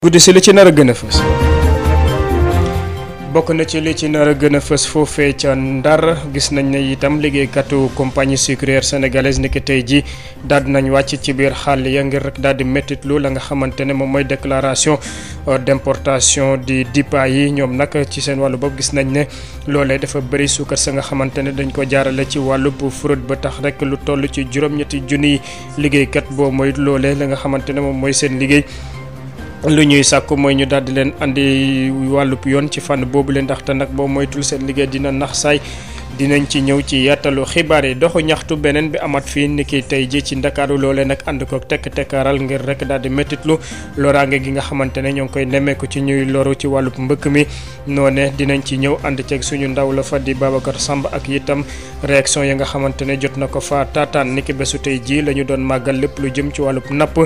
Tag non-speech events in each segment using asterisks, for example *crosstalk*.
guddi si ci nar a gën a fës bokk na ci li ci nar a gën a fës foofee ca ndar gis nañ ne itam liggéeykatu compagnie sucrière sénégalaise niki tey ji daal di nañ wàcc ci biir xàll ya ngir rek daal di méttitlu la nga xamante ne moom mooy déclaration euh, d'importation di dipa yi ñoom nag ci seen wàllu bopp gis nañ ne loolee dafa bëri suukar sa nga xamante ne dañ ko jaarale ci wàllu bu fraude ba tax rek lu toll ci juróom-ñetti junniy liggéeykat boo mooy loolee la nga xamante ne moom mooy seen liggéey lu ñuy sàkku mooy ñu daal di leen andi wàllub yoon ci fànn boobu leen ndaxte nag boo moytul seen liggéey dina nax saay dinañ ci ñëw ci yattalu xibaar yi doxu ñaxtu beneen bi amat fii niki tey ji ci ndakaaru loolee nag ànd ko tekk tekkaaral ngir rek daal di méttitlu loraange gi nga xamante ne ñoo ngi koy nemmeeku ci ñuy loru ci wàllub mbëkk mi noone dinañ ci ñëw ànd ceeg suñu ndaw la fa di Babacar Samb ak itam réaction yi nga xamante ne jot na ko fa taataan niki bésu tey ji la ñu doon màggal lépp lu jëm ci wàllub napp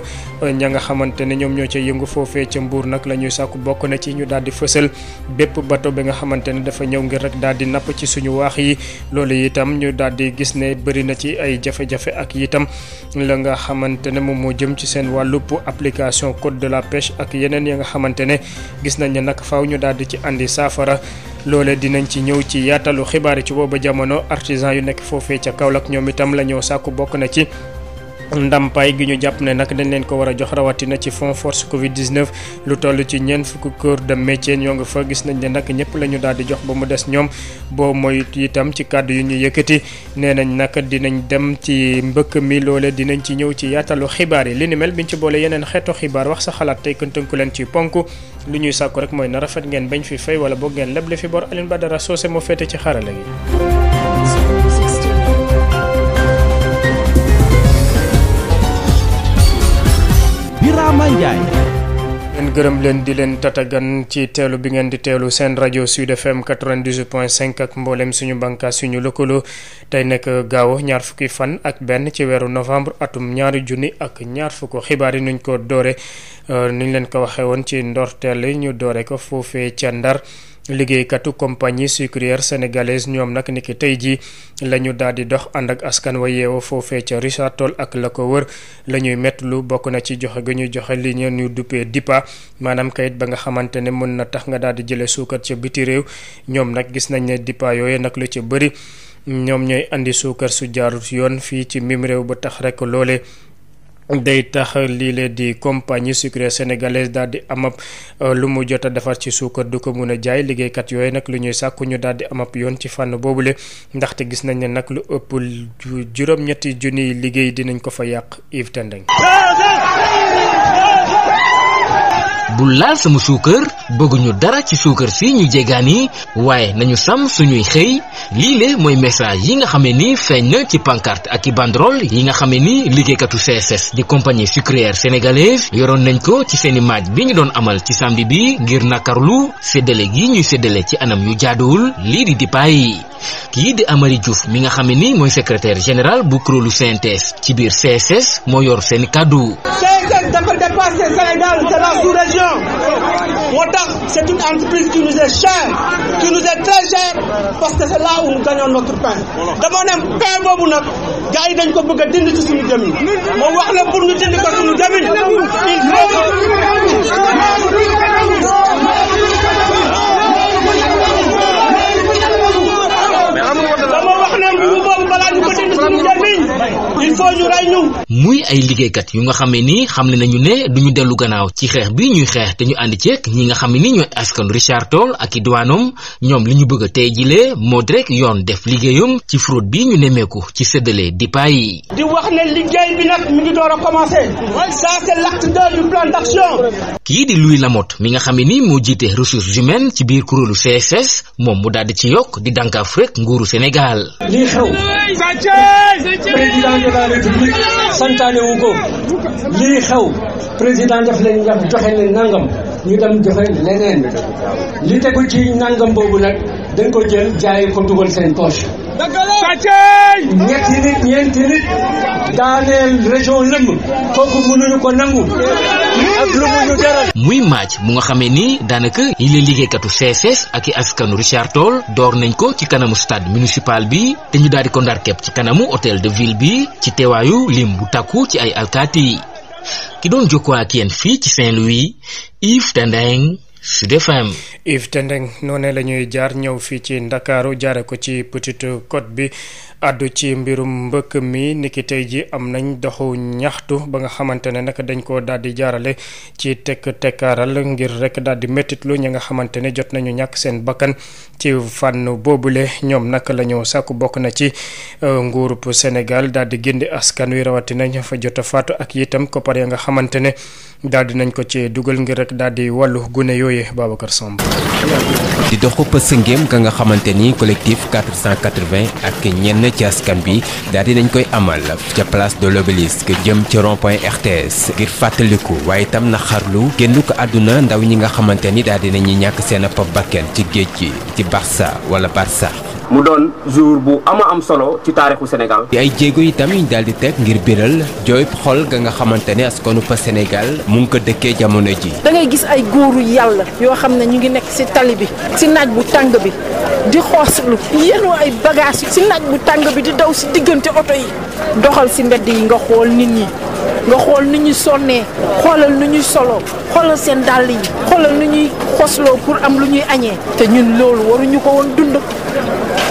ña nga xamante ne ñoom ñoo ca yëngu foofee ca mbuur nag la ñuy sàkku bokk na ci ñu daal di fësal bépp bato bi nga xamante ne dafa ñëw ngir rek daal di napp ci suñu waax yi loolu itam ñu daal di gis ne bëri na ci ay jafe-jafe ak itam la nga xamante ne moom moo jëm ci seen wàllu wàllub application code de la pêche ak yeneen ya nga xamante ne gis nañ ne nag faaw ñu daal di ci indi saafara. loole dinañ ci ñëw ci yaatalu xibaar yi ci booba jamono artisan yu nekk foofee ca Kaolack ñoom itam la ñoo sàkku bokk na ci. ndampaay gi ñu jàpp ne nag dañ leen ko war a jox rawatina ci fond force Covid 19 lu toll ci ñeent fukki corps de métier ñoo nga fa gis nañ ne nag ñëpp la ñu daal di jox ba mu des ñoom boo mooy itam ci kàddu yu ñu yëkkati nee nañ nag dinañ dem ci mbëkk mi loole dinañ ci ñëw ci yaatalu xibaar yi li ni mel biñ ci boole yeneen xeetu xibaar wax sa xalaat tey tënku leen ci ponk lu ñuy sàkku rek mooy na rafet ngeen bañ fi fay wala boog ngeen leble fi bor Alioune Badara Socé moo féete ci xarala gi. Birama leen gërëm leen di leen tatagan ci teelu bi ngeen di teelu seen rajo Sud FM 98.5 ak mboolem suñu bànqaas suñu lëkkaloo tey nekk gaaw ñaar fukki fan ak benn ci weeru novembre atum ñaari junni ak ñaar fukk xibaar yi nuñ ko doore euh, nuñ leen ko waxee woon ci ndorteel ñu doore ko foofee ca Ndar. liggéeykatu compagnie sucrière sénégalaise ñoom nag niki tey jii la ñu daal di dox ànd ak askan wa yeewa foofee ca Richard Toll ak la ko wër la ñuy mettlu bokk na ci joxe gi ñuy joxe li ñu duppee DIPA maanaam kayit ba nga xamante ne mën na tax nga daal di jëlee suukar ca biti réew ñoom nag gis nañ ne DIPA yooyu nag lu ci bëri ñoom ñooy indi suukar su jaarut yoon fii ci mim réew ba tax rek loole day tax lii lee di compagnie sucrière sénégalaise daal di amab euh, lu mu jot a defar ci suukar du ko mun a jaay liggéeykat yooyu nag lu ñuy sàkku ñu daal di amab yoon ci fànn boobule ndaxte gis nañ ne nag lu ëpp juróom-ñetti junniy liggéey dinañ ko fa yàq Yves Tendeng bu laal sama suukar bëgguñu dara ci suukar si ñu jéggaani waaye nañu sàmm suñuy xëy lii mooy message yi nga xamee ni feeñ na ci pancarte ak i banderole yi nga xamee ni liggéeykatu CSS di compagnie sucrière sénégalaise yoroon nañ ko ci seeni maaj bi ñu doon amal ci samedi bi ngir nakarlu séddale gi ñuy séddale ci anam yu jaadowul lii di dipaay yi kii di amari Diouf mi nga xamee ni mooy secrétaire général bu kuréelu CNTS ci biir CSS moo yor seeni kàddu Sénégal dafa dépasse le Sénégal de la sous-région moo c'est une entreprise qui nous est chère qui nous est très chère parce que c'est là où nous gagnons notre pain dama ne pain boobu nag gars yi dañ ko bëgg a dindi ci suñu jëmin moom wax na pour ñu dindi ko suñu jëmin il faut muy ay liggéeykat yu nga xame ne nii xamle nañu ne duñu dellu gannaaw ci xeex bi ñuy xeex te ñu ànd ceeg ñi nga xam ne nii ñooy askan Richard Toll ak i diwaanam ñoom li ñu bëgg a tey jilee moo di yoon def liggéeyam ci fraude bi ñu nemmeeku ci séddale di payi di wax ne liggéey bi nag mi ngi door a commencé. ça c'est l'acte deux du plan d'action. kii di Louis Lamotte mi nga xam ne nii moo jiite ressources humaines ci biir kuréelu CSS moom mu daal ci yokk di dànkaaf rek nguuru Sénégal. de la république santaane wu ko lii xew président daf leen yàq joxe leen nangam ñu dem joxe leneen li tegu ci nangam boobu nag dañ ko jël jaay ko dugal seen poche. sàcceey ñetti nit ñeenti nit daaneel région lëmm kooku mënuñu ko nangu mu ñu jaral muy maaj mu nga xamee ni daanaka yi la liggéeykatu CSS ak i askanu Richard Toll door nañ ko ci kanamu stade municipal bi te ñu daal di ko ndar ci kanamu hôtel de ville bi ci teewaayu lim bu takku ci ay alkaati yi ki doon jokkoo ak yéen fii ci Saint-Louis Yves Tendeng Sud FM. Yves Tendeng noonee la ñuy jaar ñëw fii ci Ndakaaru jaare ko ci Petite Côte bi àddu ci mbirum mbëkk mi niki tey ji am nañ doxu ñaxtu ba nga xamante ne nag dañ ko daal di jaarale ci tekk tekkaaral ngir rekk daal di méttitlu ñi nga xamante ne jot nañu ñàkk seen bakkan ci fànn boobule ñoom nag la ñu sàkku bokk na ci euh, nguurub Sénégal daal di gindi askan wi rawatina ña fa jot a faatu ak itam koppar ya nga xamante ne. daal di nañ ko ci dugal ngir rek daal di wàllu gune yooyu Babacar Samb. di doxu pësëngéem nga nga xamante ni collectif 480 ak ñenn ci askan bi daal di nañ koy amal ca place de l'obélisque jëm ci rond point RTS ngir fàttaliku waaye itam na xarlu génn ko àdduna ndaw ñi nga xamante ni daal di nañu ñàkk seen ab bakken ci géej gi ci Barça wala Barsax. mu doon jour bu ama am solo ci taarixu Sénégal. yi ay jéego itam ñu daal di teg ngir biral jooy xol ga nga xamante ne askanu fa Sénégal mu ngi ko dëkkee jamono ji. da gis ay góoru yàlla yoo xam ne ñu ngi nekk si tali bi si naaj bu tàng bi di xooslu yenu ay bagages si naaj bu tàng bi di daw si diggante oto yi doxal si mbedd yi nga xool nit ñi. nga xool nu ñuy sonnee xoolal nu ñuy solo xoolal seen dàll yi xoolal nu ñuy xosloo pour am lu ñuy añee te ñun loolu waruñu ko woon dund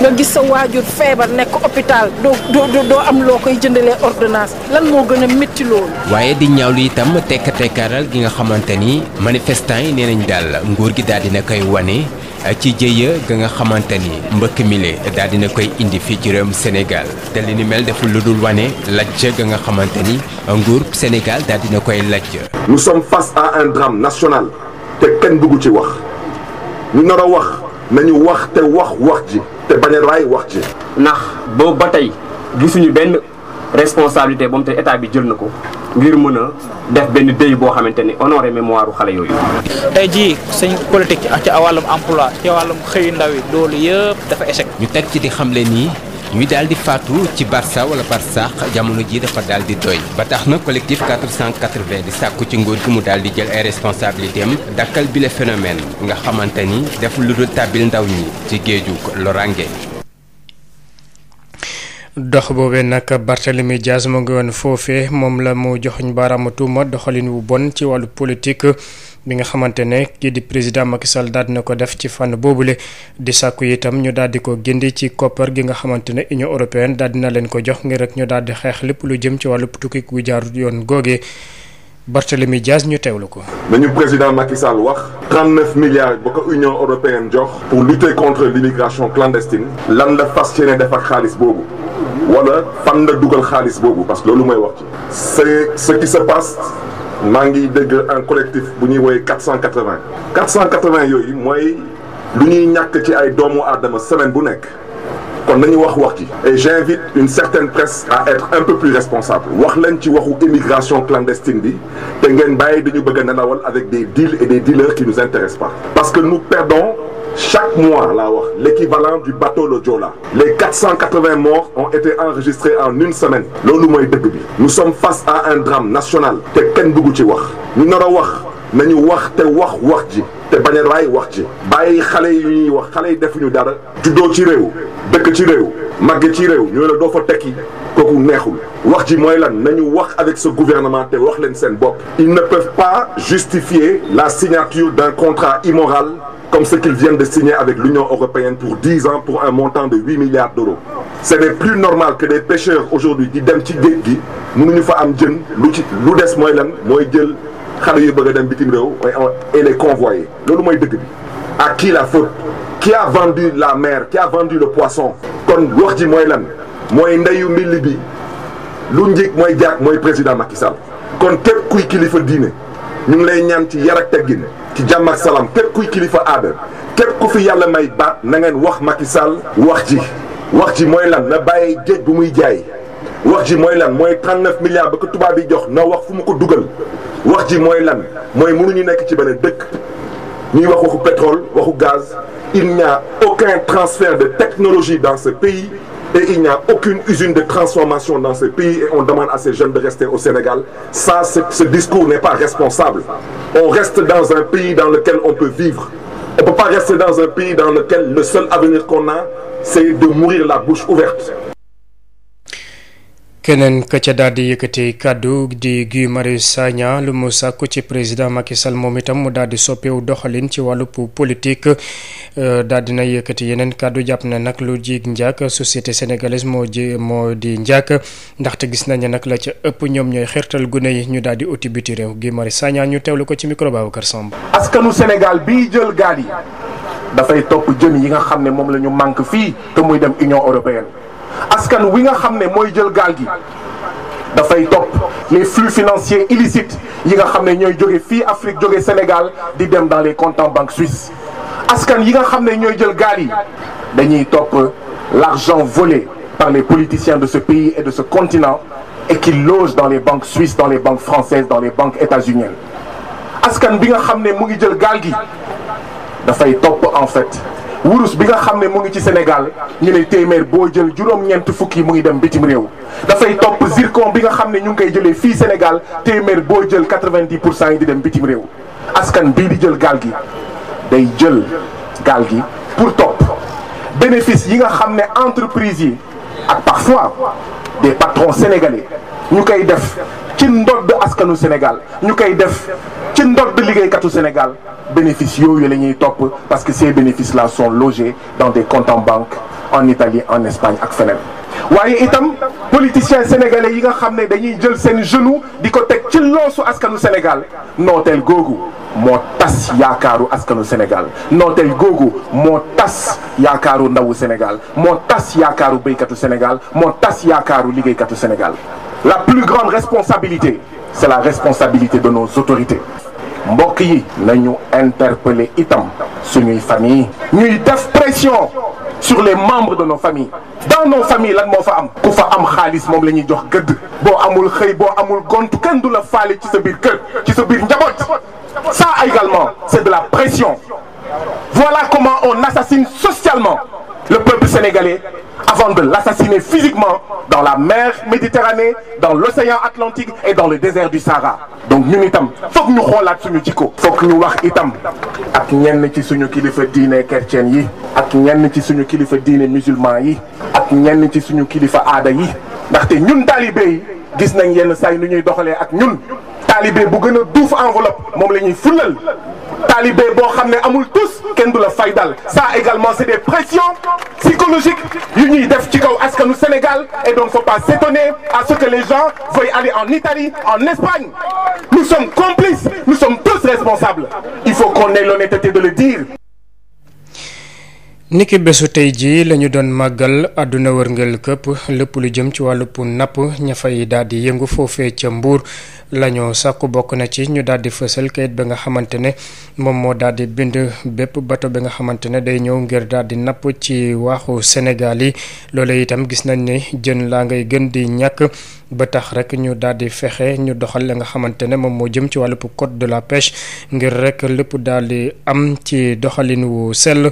nga gis sa waajur feebar nekk hôpital doo doo doo am loo koy jëndalee ordonnance lan moo gën a métti loolu. waaye di ñaawlu itam tekk tekkaaral gi nga xamante ni manifestant yi nee nañ daal nguur gi daal na koy wane. ci jéya ga nga xamante ni mbëkk mile daal dina koy indi fii ci réewum Sénégal te li ni mel deful lu dul wane lajj ga nga xamante ni nguur Sénégal daal dina koy lajj. nous sommes fas à un drame national te kenn bëggu ci wax ñu nar wax nañu wax te wax wax ji te bañ wax ji. ndax boobu ba tey gisuñu benn. responsabilité ba mu te état bi jël na ko ngir mën a def benn dëy boo xamante ni honoré mémoire u xale yooyu. tey jii seen politique ci wàllum emploi ci wàllum xëyu ndaw yi loolu yëpp dafa échec. ñu teg ci di xamle nii. ñuy daal di faatu ci Barça wala Barsaax jamono ji dafa daal di doy ba tax na collectif 480 di sàkku ci nguur gi mu daal di jël ay responsabilité am dakkal bile phénomène nga xamante ni def lu dul tàbbil ndaw ñi ci géeju lorange dox boobee nag Barthélemy Dias mu ngi woon foofee moom la mu joxuñ baaraamu tuuma doxalin wu bon ci wàllu politik bi nga xamante ne kii di président Macky Sall daal dina ko def ci fànn boobule di sàkku itam ñu daal di ko gindi ci koppar gi nga xamante ne Union européenne daal dina leen ko jox ngir rek ñu daal di xeex lépp lu jëm ci wàllu tukki gu jaarut yoon googee Barthélemy Dias ñu teewlu ko. nañu président Macky Sall wax. 39 milliards ba ko Union européenne jox. pour lutter contre l'immigration clandestine. lan la fas yéene defar boobu. wala fan nga dugal xaalis boobu parce que loolu mooy wax ci. c'est ce qui se passe maa ngi dégg un collectif bu ñuy woowee 480. 480 yooyu mooy lu ñuy ñàkk ci ay doomu aadama semaine bu nekk. kon nañu wax wax ci et j'invite une certaine presse à être un peu plus responsable wax leen ci waxu immigration clandestine bi te ngeen bàyyi dañu bëgg a nelawal avec des deals et des dealers qui nous intéressent pas parce que nous perdons Chaque mois, là, l'équivalent du bateau Le Jola. Les 480 morts ont été enregistrés en une semaine. Nous sommes face à un drame national. Nous nañu wax te wax wax ji te bañ a raay wax ji bàyyi xale yu wax xale yi defuñu dara juddoo ci réew dëkk ci réew màgge ci réew ñoo la doo fa tekki kooku neexul wax ji mooy lan nañu wax avec ce gouvernement te wax leen seen bopp ils ne peuvent pas justifier la signature d'un contrat immoral comme ce qu'ils viennent de signer avec l'Union européenne pour 10 ans pour un montant de 8 milliards d'euros. Ce n'est plus normal que des pêcheurs aujourd'hui di dem ci géej gi mënuñu fa am jën lu ci lu des mooy lan mooy jël xale yu bëgg a dem bitim réew et les convoyer loolu mooy dëgg bi a qui la faute qui a vendu la mer qui a vendu le poisson kon wax ji mooy lan mooy ndeyu mbill bi lu njëkk mooy jaak mooy président Macky Sall kon képp kuy kilifa diine ñu ngi lay ñaan ci yar ak teggin ci jàmm ak salaam képp kuy kilifa aada képp ku fi yàlla may baat na ngeen wax Macky Sall wax ji wax ji mooy lan na bàyyee géej bu muy jaay wax ji mooy lan mooy 39 milliards ba ko tubaab yi jox na wax fu mu ko dugal wax ji mooy lan mooy mënuñu nekk ci beneen dëkk ñuy wax waxu pétrole waxu gaz il n'y aucun transfert de technologie dans ce pays et il n'y a aucune usine de transformation dans ce pays et on demande à ces jeunes de rester au Sénégal. Ça, ce discours n'est pas responsable. On reste dans un pays dans lequel on peut vivre. On ne peut pas rester dans un pays dans lequel le seul avenir qu'on a, c'est de mourir la bouche ouverte. keneen ka ca daal di yëkkati kàddu di Guy Marius Sagna lu mu sàkku ci président Macky Sall moom itam mu daal di soppeewu doxalin ci wàllu politique euh, daal di na yëkkati yeneen kàddu jàpp na nag lu jiig njàkk société sénégalaise moo ji moo di njàkk ndaxte gis nañu nag la ca ëpp ñoom ñooy xirtal gune yi ñu daal di uti biti réew Guy Marius Sagna ñu teewlu ko ci micro Babacar Samb. askanu Sénégal bii jël gaal yi dafay topp jën yi nga xam ne moom lañu ñu fii te muy dem Union askan wi nga xam ne mooy jël gaal gi dafay topp les flux financiers illicites yi nga xam ne ñooy jóge fii Afrique jóge Sénégal di dem dans les comptes en banque suisse askan yi nga xam ne ñooy jël gaal yi dañuy topp l'argent volé par les politiciens de ce pays et de ce continent et qui loge dans les banques suisses dans les banques françaises dans les banques états-uniennes askan bi nga xam ne mu ngi jël gaal gi dafay topp en fait wurus bi nga xam ne mu ngi ci Sénégal ñu ne téeméer boo jël juróom-ñeent fukki mu ngi dem bitim réew dafay topp zircon bi nga xam ne ñu ngi koy jëlee fii Sénégal téeméer boo jël quatre vingt pour cent yi di dem bitim réew askan bii di jël gaal gi day jël gaal gi pour topp bénéfice yi nga xam ne entreprise yi ak parfois des patrons sénégalais ñu koy def ci ndodd askanu Sénégal ñu koy def ci liggéey liggéeykatu Sénégal bénéfice yooyu la ñuy topp parce que ces bénéfices là sont logés dans des comptes en banque en Italie en Espagne ak feneen waaye itam politiciens sénégalais yi nga xam ne dañuy jël seen genou di ko teg ci loosu askanu Sénégal nooteel googu moo tas yaakaaru askanu Sénégal nooteel googu moo tas yaakaaru ndawu Sénégal moo tas yaakaaru béykatu Sénégal moo tas yaakaaru liggéeykatu Sénégal la plus grande responsabilité c'est la responsabilité de nos autorités mbokk yi nañu interpeller itam suñuy famille ñuy def sur les membres de nos familles dans nos familles lan moo fa am ku fa am xaalis moom la ñuy jox gëdd boo amul xëy boo amul gont kenn du la faale ci sa biir kër ci sa biir njaboot ça également c'est de la pression voilà comment on assassine socialement le peuple sénégalais avant de l'assassiner physiquement dans la mer Méditerranée dans l'océan Atlantique et dans le désert du Sahara donc ñun itam foog ñu xoolaat suñu jikko foog ñu wax itam ak ñenn ci suñu kilifa diine chrétien yi ak ñenn ci suñu kilifa diine musulman yi ak ñenn ci suñu kilifa aada yi ndaxte ñun taalibe yi gis nañ yenn saa yi nu ñuy doxalee ak ñun taalibe bu gën a duuf enveloppe moom la ñuy fulal talibé boo xam ne amul tous kenn du la fay dal ça également c'est des pressions psychologiques yu ñuy def ci kaw askanu Sénégal et donc faut pas s'étonner à ce que les gens veuillent aller en Italie en Espagne nous sommes complices nous sommes tous responsables il faut qu'on l'honnêteté de le dire niki bésu tey jii lañu doon màggal àdduna wërngal këpp lépp lu jëm ci wàllu napp ña yi daal di yëngu foofee ca Mbuur lañu sàkku bokk na ci ñu daal di fësal kayit ba nga xamante ne moom moo daal di bind bépp bato bi nga xamante ne day ñëw ngir daal di napp ci waaxu Sénégal yi loole itam gis nañ ne jën laa ngay gën di ñàkk ba tax rek ñu daal di fexe ñu doxal la nga xamante ne moom moo jëm ci wàllu code de la pêche ngir rek lépp daal di am ci doxalin wu sell.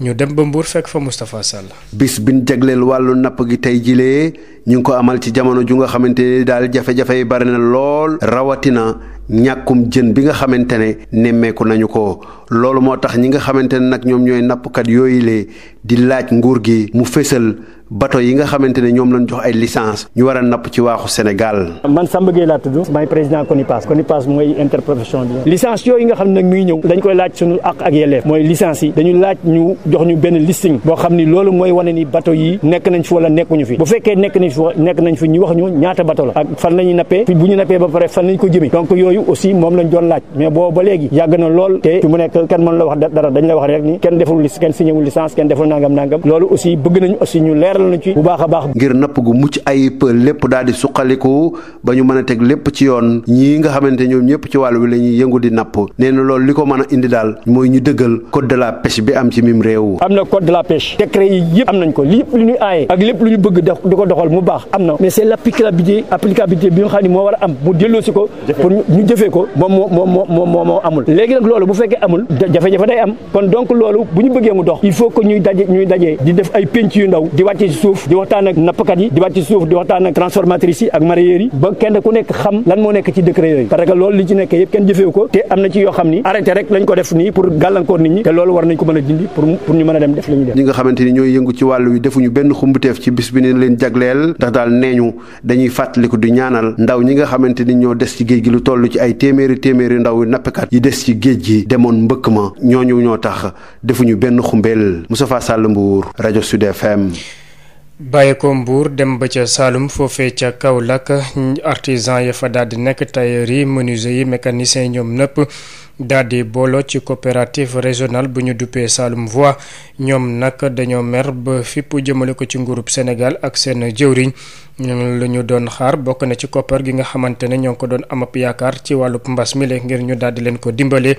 ñu dem ba Mbour fekk fa Moustapha Sall. bis bin jagleel wàllu napp gi tey jilee ñu ngi ko amal ci jamono ju nga xamante ne daal jafe-jafe yi bari na lool rawatina ñàkkum jën bi nga xamante ne nemmeeku nañu ko loolu moo tax ñi nga xamante ne nag ñoom ñooy nappkat yooyu le di laaj nguur gi mu fësal bato yi nga xamante ne ñoom lañ jox ay licence ñu war a napp ci waaxu Sénégal. man Samba Gueye laa tudd. maay président CONIPAS. CONIPAS mooy interprofession bi. licence yooyu mooy licence yi ñu wax ñu ñaata bato la. ak fan la nappee fi bu ñu nappee ba pare fan lañ ko jëmee. donc yooyu aussi moom lañ doon laaj mais boo ba léegi yàgg na lool te fi mu nekk kenn mën wax dara dañ la wax rek ni kenn deful kenn signéwul licence kenn deful nangam nangam loolu aussi leeral na ci bu baax a baax. ngir napp gu mucc ayib lépp daal di suqaliku ba ñu mën a teg lépp ci yoon ñii nga xamante ñoom ñëpp ci wàll wi la ñuy yëngu di napp nee na loolu li ko mën a indi daal mooy ñu dëggal code de la pêche bi am ci mim réew. am na code la pêche décret yi yëpp am nañ ko lépp lu ñuy aaye ak lépp lu ñu bëgg di ko doxal mu baax am na mais c'est l'applicabilité applicabilité bi nga xam moo war a am mu delloosi ko pour ñu jëfee ko moo moo moo moo moo amul léegi nag loolu bu fekkee amul jafe-jafe day am kon donc loolu bu ñu bëggee mu dox il faut que ñuy daje ñuy daje di def ay penc yu ndaw wàcce ci suuf di waxtaan ak nappkat yi di wàcce ci suuf di waxtaan ak transformatrices yi ak mareyeurs ba kenn ku nekk xam lan moo nekk ci décret yooyu parce que loolu li ci nekk yëpp kenn jëfewu ko te am na ci yoo xam ni arrêté rek lañ ko def nii pour gàllankoor nit ñi te loolu war nañ ko mën a dindi pour pour ñu mën a dem def li ñu def ñi nga xamante ni ñooy yëngu ci wàllu wi defuñu benn xumbuteef ci bis bi ne leen jagleel ndax daal neeñu dañuy fàttaliku du ñaanal ndaw ñi nga xamante ni ñoo des ci géej gi lu toll ci ay téeméeri téeméeri ndaw nappkat yi des ci géej gi demoon mbëkk ma ñooñu ñoo tax defuñu benn xumbeel Moustapha Sall Mbour rajo Sud FM bàyyi ko Mbuur dem ba ca Saalum foofee ca Kaolack artisan ya fa daal di nekk tailleur yi menuisier yi mécanicien ñoom nëpp daal di booloo ci coopérative régional bu ñu duppee Saalum Voix ñoom nag dañoo mer ba fippu jëmale ko ci nguurub Sénégal ak seen jëwriñ lu ñu doon xaar bokk na ci koppar gi nga xamante ne ñoo ngi ko doon am yaakaar ci wàllu mbas mi ngir ñu daal di leen ko dimbalee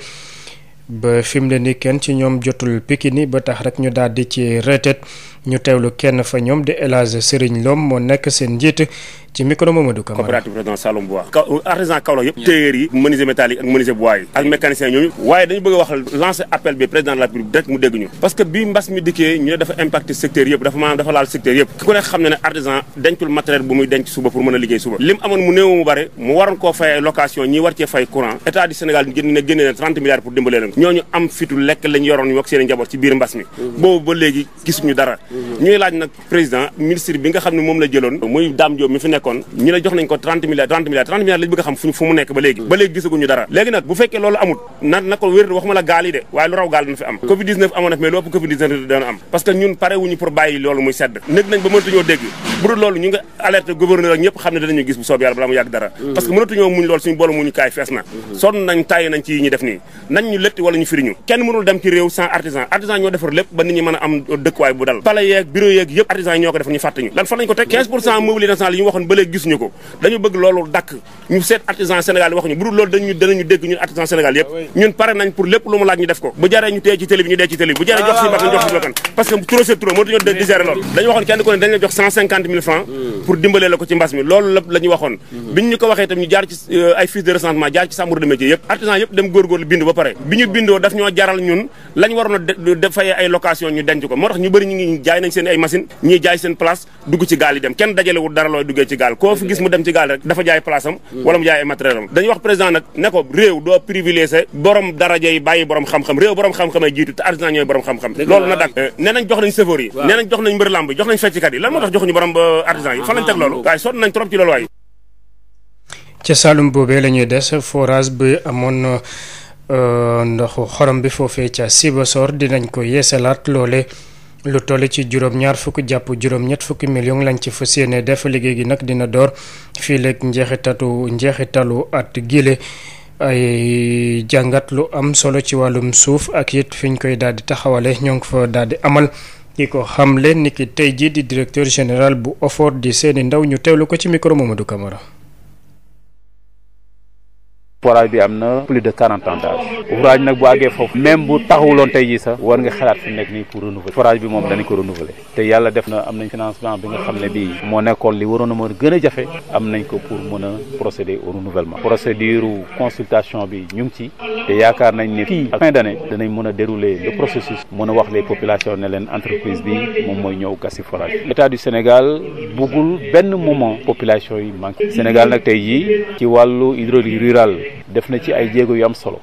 ba fi mu ne ni kenn ci ñoom jotul Pikini ba tax rek ñu daal di ci retet ñu teewlu kenn fa ñoom di El Hadj Serigne Lom moo nekk seen njiit ci micro Mamadou Camara coopérative artisan Kaolack yëpp téyeer yi menuisier métallique ak menuisier bois yi ak mécanicien waaye dañu bëgg wax lancer appel bi président de la République direct mu dégg ñu parce que bi mbas mi dikkee ñu ne dafa impacté secteur yëpp dafa laal secteur yëpp ku ne xam ne ne artisan dencul matériel bu muy denc suba pour mën a liggéey suba li amoon mu néew mu bare mu waroon koo fay location ñi war cee fay courant état du Sénégal nekkoon mm. nekk nañ ba mënatuñoo dégg bu dul loolu ñu nga alerte gouverneur ak ñëpp xam ne danañu gis bu soob yàlla balaa dara mm. parce que mënatuñoo muñ loolu suñu boolu muñu kaay fees na mm-hmm. sonn nañ tàyyi nañ ci yi def nii nañ ñu létti wala ñu firiñu kenn mënul dem ci réew sans artisan artisan ñoo defar lépp ba nit ñi mën a am dëkkuwaay bu dal pale yeeg bureau yeeg yëpp artisan ñoo ko defar ñu fàtte ñu lan fa ko teg 15 pour cent mobile national ñu waxoon léegi gisuñu ko dañu bëgg loolu ah ah. dañu waxoon kenn ku jox 150 000 francs hmm. pour dimbalee la ko ci mbas mi loolu lépp waxoon hmm. biñ ñu ko waxee itam ñu jaar ci euh, ay fiches de recensement jaar ci chambre de métier yëpp artisan yëpp dem góorgóorlu bindu ba pare bi ñu bindoo daf ñoo jaral ñun lañ waroon a location ñu denc ko moo tax ñu bëri ñu jaay nañ seen ay machine ñii jaay seen place dugg ci gaal dem kenn dajalewul dara looy duggee ci ci gaal koo fi gis mu dem ci gaal rek dafa jaay place am wala mu jaay ay matériel am wax président nag ne ko réew doo privilégié borom daraja yi bàyyi borom xam-xam réew borom xam-xam ay jiitu te artisan ñooy borom xam-xam loolu na dak eh, nee jox nañ chauffeur yi nee nañ jox nañ mbër lamb jox nañ fecckat yi lan moo tax joxuñu borom eh, artisan yi fan lañ teg loolu waaye sonn nañ trop ci loolu waay ca Saalum boobee la ñuy des forage bi amoon eh, ndoxu xorom bi foofee ca Sibassor dinañ ko yeesalaat loole lu toll ci juróom-ñaar fukk jàpp juróom-ñett fukki million lañ ci fas yéene def liggéey gi nag dina door fii léeg njeexitatu njeexitalu at gile ay jàngat lu am solo ci wàllum suuf ak it fi ñu koy daal di taxawale ñoo ngi fa daal di amal ki ko xamle ni ki tey jii di directeur général bu OFOR di seeni ndaw ñu teewlu ko ci micro du kamara forage bi am na plus de quarante ans d'âge ouvrage nag bu àggee foofu même bu taxawuloon tey jii sax war nga xalaat fi nekk nii pour renouveler forage bi moom danañ ko renouveler te yàlla def na am nañ financement bi nga xam ne bii moo nekkoon li waroon a mën gën a jafe am nañ ko pour mën a procéder au renouvellement procédure consultation bi ñu ngi ci te yaakaar nañ ne fii ak fin d'année danañ mën a dérouler le processus mën a wax les population ne leen entreprise bi moom mooy ñëw gasi forage état du Sénégal benn moment population yi manqué Sénégal nag tey jii ci wàllu hydraulique rurale def na ci ay jéego yu am solo.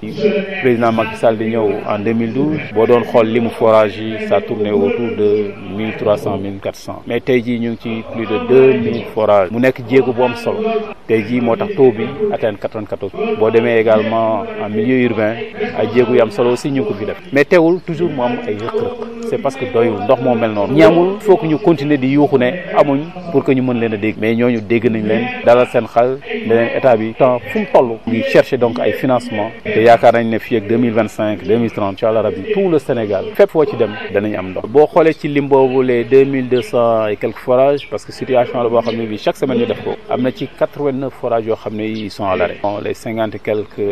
président Macky Sall di ñëw en 2012. boo doon xool limu forage yi ça tournait autour de mille trois cent mille quatre cent. mais tey jii ñu ngi ci plus de deux mille forages. mu nekk jéego bu am solo. tey jii moo tax taux bi atteindre quatre vingt boo demee également en milieu urbain ay jéego yu am solo si ñu ko fi def. mais teewul toujours mu am ay rëq-rëq. c'est parce que doyul ndox moo mel noonu. ñamul faut que ñu continuer di yuuxu ne amuñ pour que ñu mën leen a mais ñooñu dégg nañ leen chercher donc ay financement te yaakaar nañ ne fii tout le Sénégal fépp foo ci dem danañ am ndox boo xoolee ci lim boobu les 2200 et quelques parce que situation la boo xam ne bi chaque semaine ñu def ko am na ci 89 forages xam ne ils sont à l'arrêt bon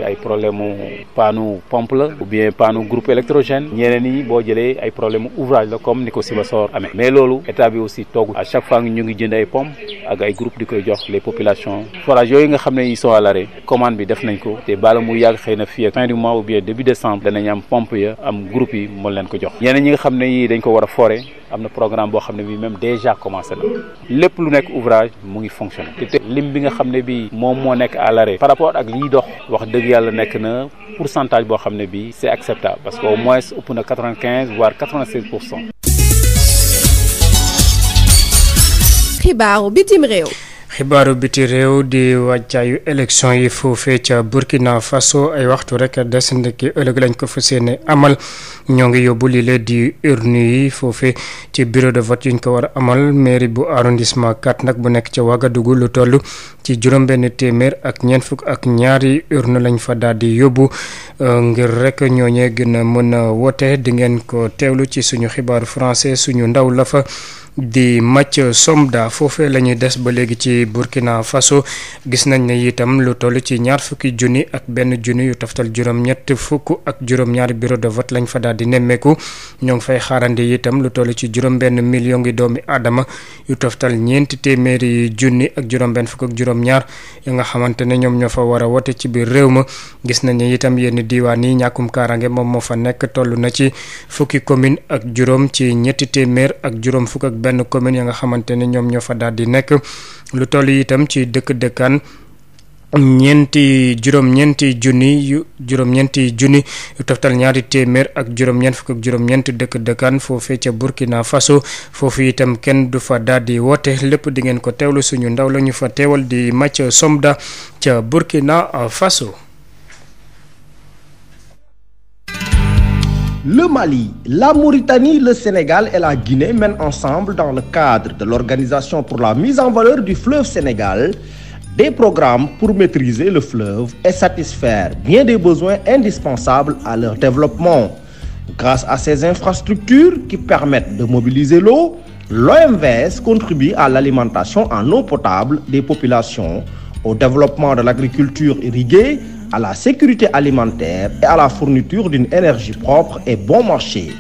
ay problème mu panneau la ou bien panneau groupe électrogène ñeneen ñi boo jëlee ay problème ouvrage la comme ni ko Sibassor amee mais loolu état bi aussi toogul à chaque fois ñu ngi jënd ay pompes ak ay groupes di koy jox les nañ ko te bala mu yàgg xëy fii ak fin mois ou bien début décembre danañ am pompe ya am groupe yi mën leen ko jox ñeneen ñi nga xam ne yii dañ ko war a fore am na programme boo xam ne bii même déjà commencé na lépp lu nekk ouvrage mu ngi fonctionné te lim bi nga xam ne bi moom moo nekk à l'arrêt par rapport ak liy dox wax dëgg yàlla nekk na pourcentage boo xam ne bii c'est acceptable parce que au moins ëpp na 95 voire 96 xibaaru bitim réew xibaaru biti réew di wàccaayu élection yi foofee ca Burkina Faso ay waxtu rek des ndekki ëllëg lañ ko fas yéene amal ñoo ngi yóbbu li la di urne yi foofee ci bureau de vote yuñ ko war a amal mairie bu arrondissement 4 nag bu nekk ca Ouagadougou lu toll ci juróom-benn téeméer ak ñeent fukk ak ñaari urne lañ fa daal di yóbbu euh, ngir rek ñooñee gën a mën a woote di ngeen ko teewlu ci suñu xibaaru français suñu ndaw la fa. di Mathieu Somda foofee la ñuy des ba léegi ci Burkina Faso gis nañ ne itam lu toll ci ñaar fukki junni ak benn junni yu toftal juróom-ñett fukk ak juróom-ñaari bureau de vote lañ fa daal di nemmeeku ñoo ngi fay xaarandi itam lu toll ci juróom million ngi doomi aadama yu taftal ñeenti téeméeri junni ak juróom-benn fukk ak juróom-ñaar nga xamante ne ñoom ñoo fa war a wote ci biir réew ma gis nañ ne itam yenn diiwaan yi ñàkkum kaaraange moom moo fa nekk toll na ci fukki commune ak juróom ci ñetti téeméer ak juróom fukk ak benn commune ya nga xamante ne ñoom ñoo fa daal di nekk lu toll itam ci dëkk-dëkkaan ñeenti juróom-ñeenti junni yu juróom-ñeenti ñaari téeméer ak juróom-ñeent fukk juróom-ñeent dëkk dëkkaan foofee ca Burkina Faso foofu itam kenn du fa daal di woote lépp di ngeen ko teewlu suñu ndaw la ñu fa teewal di Mathieu Somda ca Burkina Faso. Le Mali, la Mauritanie, le Sénégal et la Guinée mènent ensemble dans le cadre de l'Organisation pour la mise en valeur du fleuve Sénégal des programmes pour maîtriser le fleuve et satisfaire bien des besoins indispensables à leur développement. Grâce à ces infrastructures qui permettent de mobiliser l'eau, l'OMVS contribue à l'alimentation en eau potable des populations, au développement de l'agriculture irriguée à la sécurité alimentaire et à la fourniture d'une énergie propre et bon marché,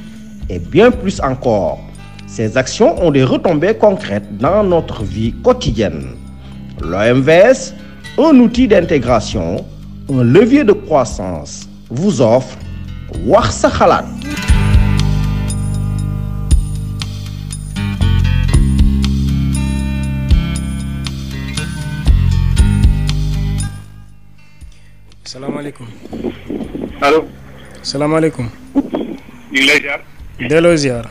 et bien plus encore. Ces actions ont des retombées concrètes dans notre vie quotidienne. L'OMVS, un outil d'intégration, un levier de croissance, vous offre Wax sa xalaat salaamaaleykum. allo. salaamaaleykum. ñu ngi lay ziar.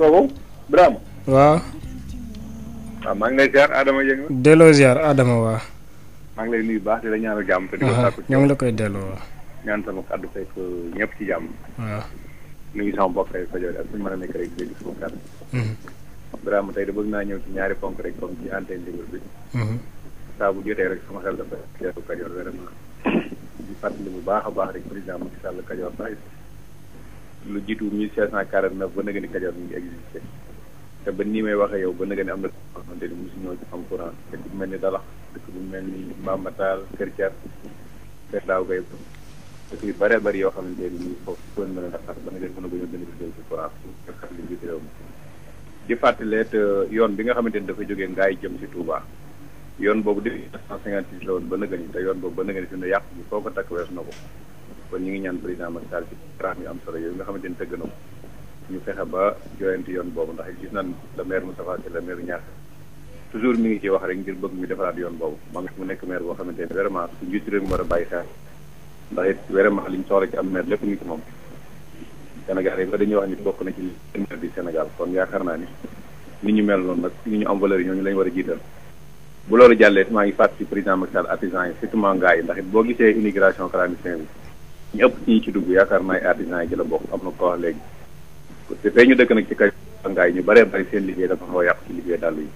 waaw. waaw maa ngi lay ziar Adama Dieng. delloo ziar Adama waa. ngi lay nuyu baax di la ñaanal jàmm. te di ko la koy delloo waaw. ñaan sama kàddu fekk ñëpp ci jàmm. waaw. nuyu sama mbokk yi fa joxe ak suñu mën a nekk rek di déglu sama kàddu. Mhm. tey de bëgg naa ñëw ci ñaari ponk rek comme ci antenne bi. Mhm. saa bu jotee rek sama xel dafa teeru Kajoor *coughs* di fàttali bu baax a baax rek président Macky Sall Kajoor sax lu jiitu 1549 ba nëgëni Kajoor mi ngi existé te ba nii may waxee yow ba nëgëni am na xamante ni mosu ñoo am courant dëkk mel ni Dalax dëkk bu mel ni Mbambatal Kër Thiar Kër Daaw Gaye dëkk yu bëree bëri yoo xamante ni nii a ba nëgëni mën a guñu bénéficié ci courant ak li jiitu yoon bi nga xamante ni dafa jógee ngaay jëm si Touba yoon boobu di cent cinquante six yoon boobu ba nëgëni mu ko takk wees na ko kon ñu ngi ñaan am solo yooyu nga xamante ni ñu fexe ba yoon boobu ndax gis nañ le maire Moustapha Sy le maire ñaar toujours ngi ciy wax rek ngir bëgg ñu defaraat yoon boobu moom it mu nekk maire boo xamante ni vraiment su njiitu réew mi li ñu soxla ci am maire lépp ngi ci moom Sénégal yi ba dañuy wax ni bokk na ci maire bi Sénégal kon yaakaar naa ni nit ñu mel noonu nag nit ñu am valeur yi ñooñu lañu war a jiital bu loolu jàllee maa ngi fàttali président Macky Sall artisans yi surtout mangaa yi ndax it boo ci ñi yaakaar naa ay artisans yi ci la bokk na ci kaw mangaa yi ñu bëree bëri seen liggéey dafa xaw a yàq ci liggéey dàll yi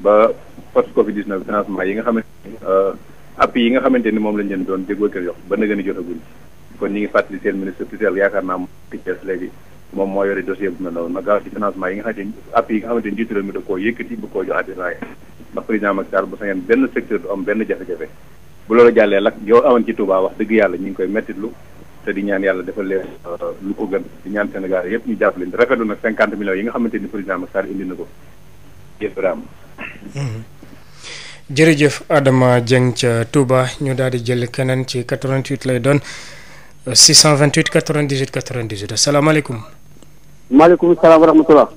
ba financement yi nga xamante euh, appui yi nga xamante ni moom lañ leen doon déggoo kër yox ba na gën a jotaguñ kon ñi ngi fàttali seen ministre tutelle yaakaar naa moom léegi moom moo yore dossier bu mel noonu na financement yi nga xamante ni appui yi nga xamante koo jox artisans yi ndax président Macky Sall bu sañoon benn secteur du am benn jafe-jafe bu loolu jàllee lak yow amoon ci Touba wax dëgg yàlla ñu ngi koy mettitlu te di ñaan yàlla defal leen euh, lu ko gën di ñaan Sénégal yëpp ñu jàpp leen di rafetlu nag cinquante millions yi nga xamante ni président Macky Sall indi na ko jërëjëf mm-hmm. jërëjëf Adama Dieng ca Touba ñu daal di jël keneen ci 88 lay doon 628 98 98 asalaamaaleykum. maaleykum salaam wa rahmatulah.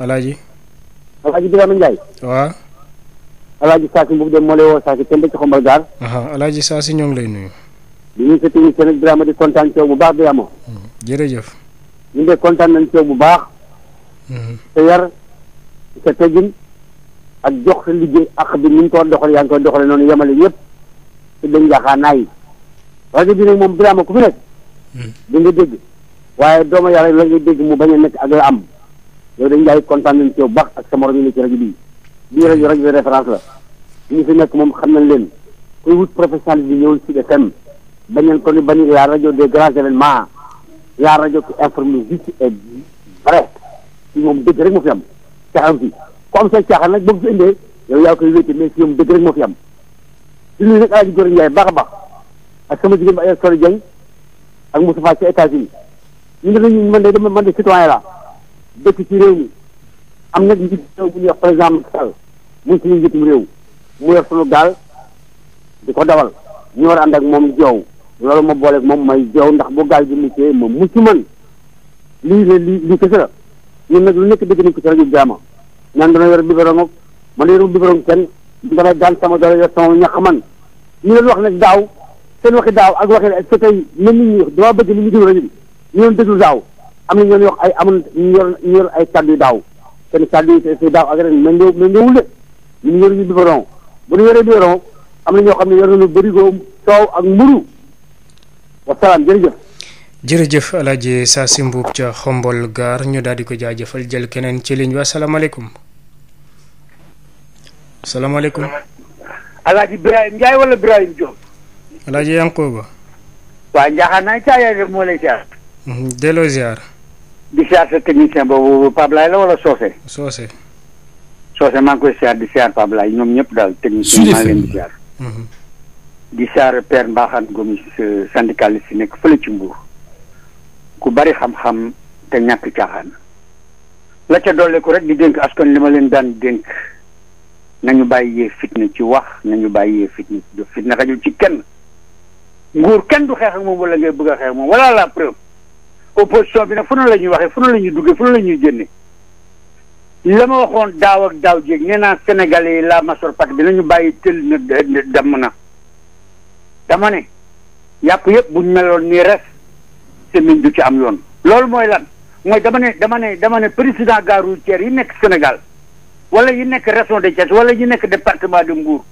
Alaaji. Alaaji Birame Ndiaye. waaw. alaaji saasi mbug dem moo lay woo saasi kenn da ci xombal gaar alaaji saasi ñoo ngi lay nuyu di nuyu sa technicien ak Birama di kontaan coow bu baax Birama hmm, jërëjëf ñu de kontaan nañ coow bu baax hmm. sa yar sa tegin ak jox ak bi ni ko war doxale yaa ngi koy doxale noonu yemale ñëpp su dañ njaaxaa naayi rajo bi nag moom Birama ku fi nekk hmm. di nga dégg waaye dooma yàlla la nga dégg mu bañ a nekk ak am yow dañ laay kontaan nañ coow bu baax ak sa morom ne ci rajo bi lii rajo rajo de référence la ñi fi nekk moom xam nañ leen kuy wut professionnel bi ñëwul Sud FM bañ leen ko ni bañ la rajo des grands événements la rajo qui informe juste et vrai ci moom dëgg rek moo fi am caaxaan fi ku am say caaxaan nag bëgg fi indee yow yaa koy wéete mais ci moom dëgg rek moo fi am ci nuyu nag Alaaji Góor Njaay baax a baax ak sama jigéen ba ay Sori Dieng ak Moustapha ci États-Unis ñu ne la ñu man de man de citoyen la dëkk ci réew mi am nag njiit bu ñuy wax président Macky Sall muy suñu njiitum réew mu yor suñu gaal di ko dawal ñu war a ànd moom joow loolu ma booleeg moom may joow ndax bu gaal gi muccee ma mucc man lii la lii lii kese la ñun lu nekk dëgg nañ ci rajo Jaama naan dana yor biberon ak man yoru biberon kenn dana daan sama dara yor sama ñax man ñu leen wax nag daaw sen waxi daaw ak waxi ak tey na nit ñi wax dama bëgg nit ñi déglu rajo bi ñu doon daaw am na ñoo wax ay am ñu yor yor ay kàddu yu daaw kenn kàddu yi te daaw ak ren méngoo méngoowul de ñu ngi yoruñu biberon bu ñu yoree biberon am na ñoo xam ne yor nañu bërigo soow ak mburu wasalaam jërëjëf. jërëjëf El Hadj Sassy Mboup ca Xombol Gaar ñu daal di ko jaajëfal jël keneen ci ligne bi asalaamaaleykum. asalaamaaleykum. El Hadj Birahim Ndiaye wala Birahim Diop. El Hadj Yankoba. waa Ndiakhate naa caa yaay rek moo lay ziar. Mm-hmm, delloo ziar. di siyaar sa technicien boobu Pape Laye la wala soose Socé. Socé maa ngi koy siyaar di siyaar Pape Laye ñoom ñëpp daal. technicien maa ngi leen di siyaar. Mhm. di siyaar Père Mbaxane Gomis syndicaliste nekk fële ci Mbour. ku bari xam-xam te ñàkk caaxaan. la ca dolliku rek di dénk askan li ma leen daan dénk nañu bàyyi yee fitna ci wax nañu bàyyi yee fitna ci fitna xajul ci kenn. nguur kenn du xeex ak moom wala ngay bëgg a xeex moom wala la preuve. opposition bi nag fu ne la ñuy waxee fu ne la ñuy duggee fu ne la ñuy génne la ma waxoon daaw ak daaw jéeg nee naa Sénégalais la majeure partie bi nañu bàyyi tël na damm na dama ne yàpp yëpp buñ meloon nii res semaine du ci am yoon loolu mooy lan mooy dama ne dama ne dama ne président gare routière yi nekk Sénégal wala yi nekk région de Thiès wala yi nekk département de Mbour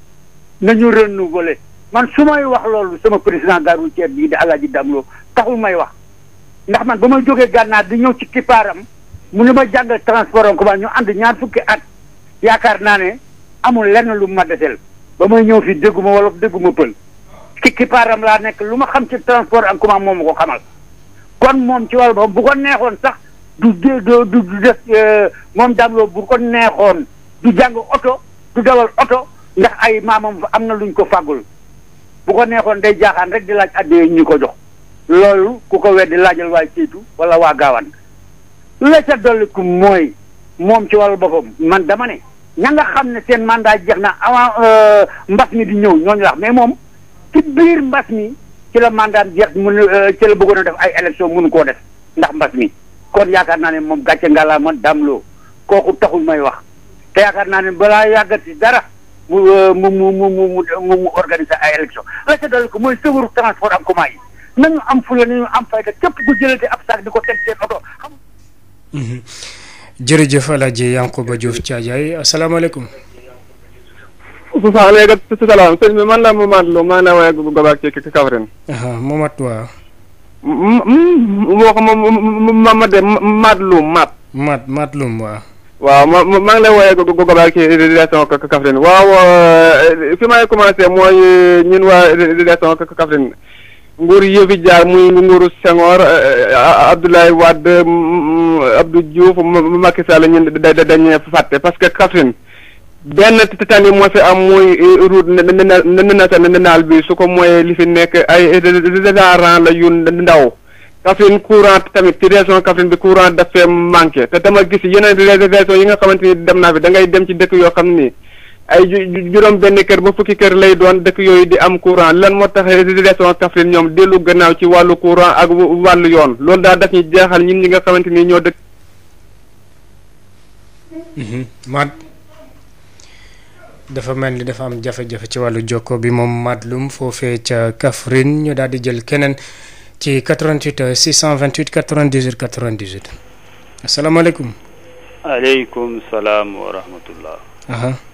nañu renouveler man su may wax loolu sama président gare routière bii di Alaaji Damlo taxul may wax ndax man ba ma jógee gànnaar di ñëw ci kippaaram mu ne ma jàngal transport en commun ñu ànd ñaar fukki at yaakaar naa ne amul lenn lu ma desel ba may ñëw fii dégguma wolof dégguma pël ci kippaaram laa nekk lu ma xam ci transport en commun moom ma ko xamal kon moom ci wàllu boppam bu ko neexoon sax du du du def euh, moom Dame Lo bu ko neexoon du jàng oto du dawal oto ndax ay maamam am na luñ ko fàggul bu ko neexoon day jaaxaan rek di laaj adde ñu ko jox loolu ku ko weddi laajal waa Ceytu wala waa Gaawaan la ca dolliku mooy moom ci wàllu boppam man dama ne ña nga xam ne seen mandat jeex na avant euh, mbas mi di ñëw ñooñu wax mais moom ci biir mbas mi ci la mandat jeex mun euh, ci la bëggoon a def ay élection mënu koo def ndax mbas mi kon yaakaar naa ne moom gàcce ngala man daam loo kooku taxul may wax te naa ne balaa yàggati dara euh, mu mu mu mu mu mu organiser ay élection la ca dolliku mooy sëwaru transport en commun yi nañu am fula nañu am fayda képp ku jëlati ab saak di ko teg seen oto xam. Mhm. jërëjëf El Hadj Yankuba Diouf Thiadiaye asalaamaaleykum. waaw léegi salaam sëñ bi man la Momadou Lo maa ngi lay woowee Gobaak ci Kaffrine. Momadou waaw. moo ko ma ma Mad. Mad Madou Lo waaw. maa ngi lay woowee Gobaak ci région Kaffrine waaw euh, fi may commencé mooy euh, ñun waa région Kaffrine. nguur yëfi jaar muy nguuru Senghor eh, eh, ah, Abdoulaye Wade mm, mm, Abdou Diouf mm, Macky Sall ñun da dañuy fàtte parce que Kaffrine benn tànn yi moo fi am muy eh, route nationale bi su ko mooyee li fi nekk ay restaurant la yu ndaw Kaffrine courant tamit ci région courant daf fee manqué te dama gis yeneen région yi nga xamante ni dem naa fi da ngay dem ci dëkk yoo xam ni. ay juróom benn kër ba fukki kër lay doon dëkk yooyu di am courant lan moo tax région Kaffrine ñoom dellu gannaaw ci wàllu courant ak wàllu yoon loolu daal daf ñu jaaxal ñun ñi nga xamante ni ñoo dëkk. Mhm. Mate dafa mel ni dafa am jafe-jafe ci wàllu jokko bi moom Mate Loum foofee ca Kaffrine ñu daal di jël keneen ci 88 628 98 98 asalaamaaleykum. aleykum salaam wa rahmatullah.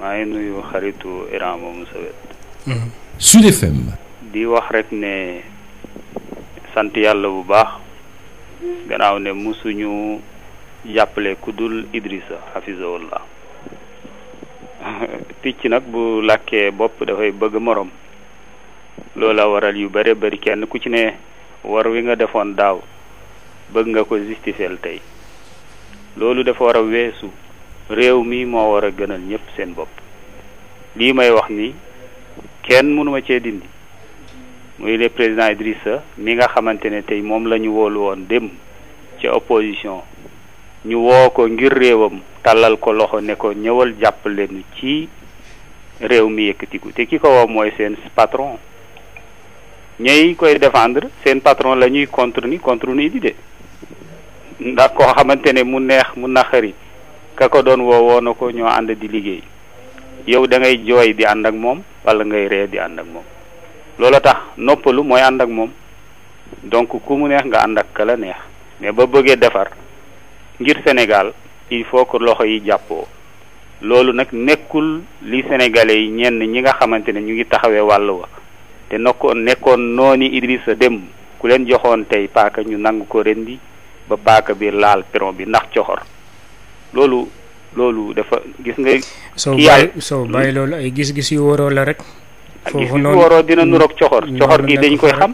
maa ngi nuyu xaritu Iran moomu Sowét. Mhm. Sud FM. di wax rek ne sant yàlla bu baax gannaaw ne mu suñu jàppale ku dul Idrissa hafizahullah *laughs* picc nag bu làkkee bopp dafay bëgg moroom loolu loola waral yu bare bari kenn ku ci ne war wi nga defoon daaw bëgg nga ko justifier tey loolu dafa war a weesu. réew mi moo war a gënal ñëpp seen bopp lii may wax ni kenn mënuma cee dindi muy le président Idrissa mi nga xamante ne tey moom la ñu woolu woon dem ci opposition ñu woo ko ngir réewam tàllal ko loxo ne ko ñëwal jàpp leen ci réew mi yëkkatiku te ki ko woo mooy seen patron ñooy koy défendre seen patron la ñuy contre ni contre ni di de ndax koo xamante ne mu neex mu naqari ka ko doon woo woo ko ñoo ànd di liggéey yow da ngay jooy di ànd ak moom walla ngay ree di ànd ak moom loola tax noppalu mooy ànd ak moom donc ku mu neex nga ànd ak ka neex mais ba bëggee defar ngir Sénégal il faut que loxo yi jàppoo loolu nag nekkul li sénégalais yi ñenn ñi nga xamante ne ñu ngi taxawee wàll wa te nekkoon nekkoon nooni Idrissa dem ku leen joxoon tey paaka ñu nangu ko rendi ba paaka bi laal peron bi ndax coxor loolu loolu dafa gis nga. soo bàyyi soo bàyyi loolu ay gis-gis yu waroo la rek. foofu noonu gis-gis waroo dina nuroog coxor coxor dañ koy xam.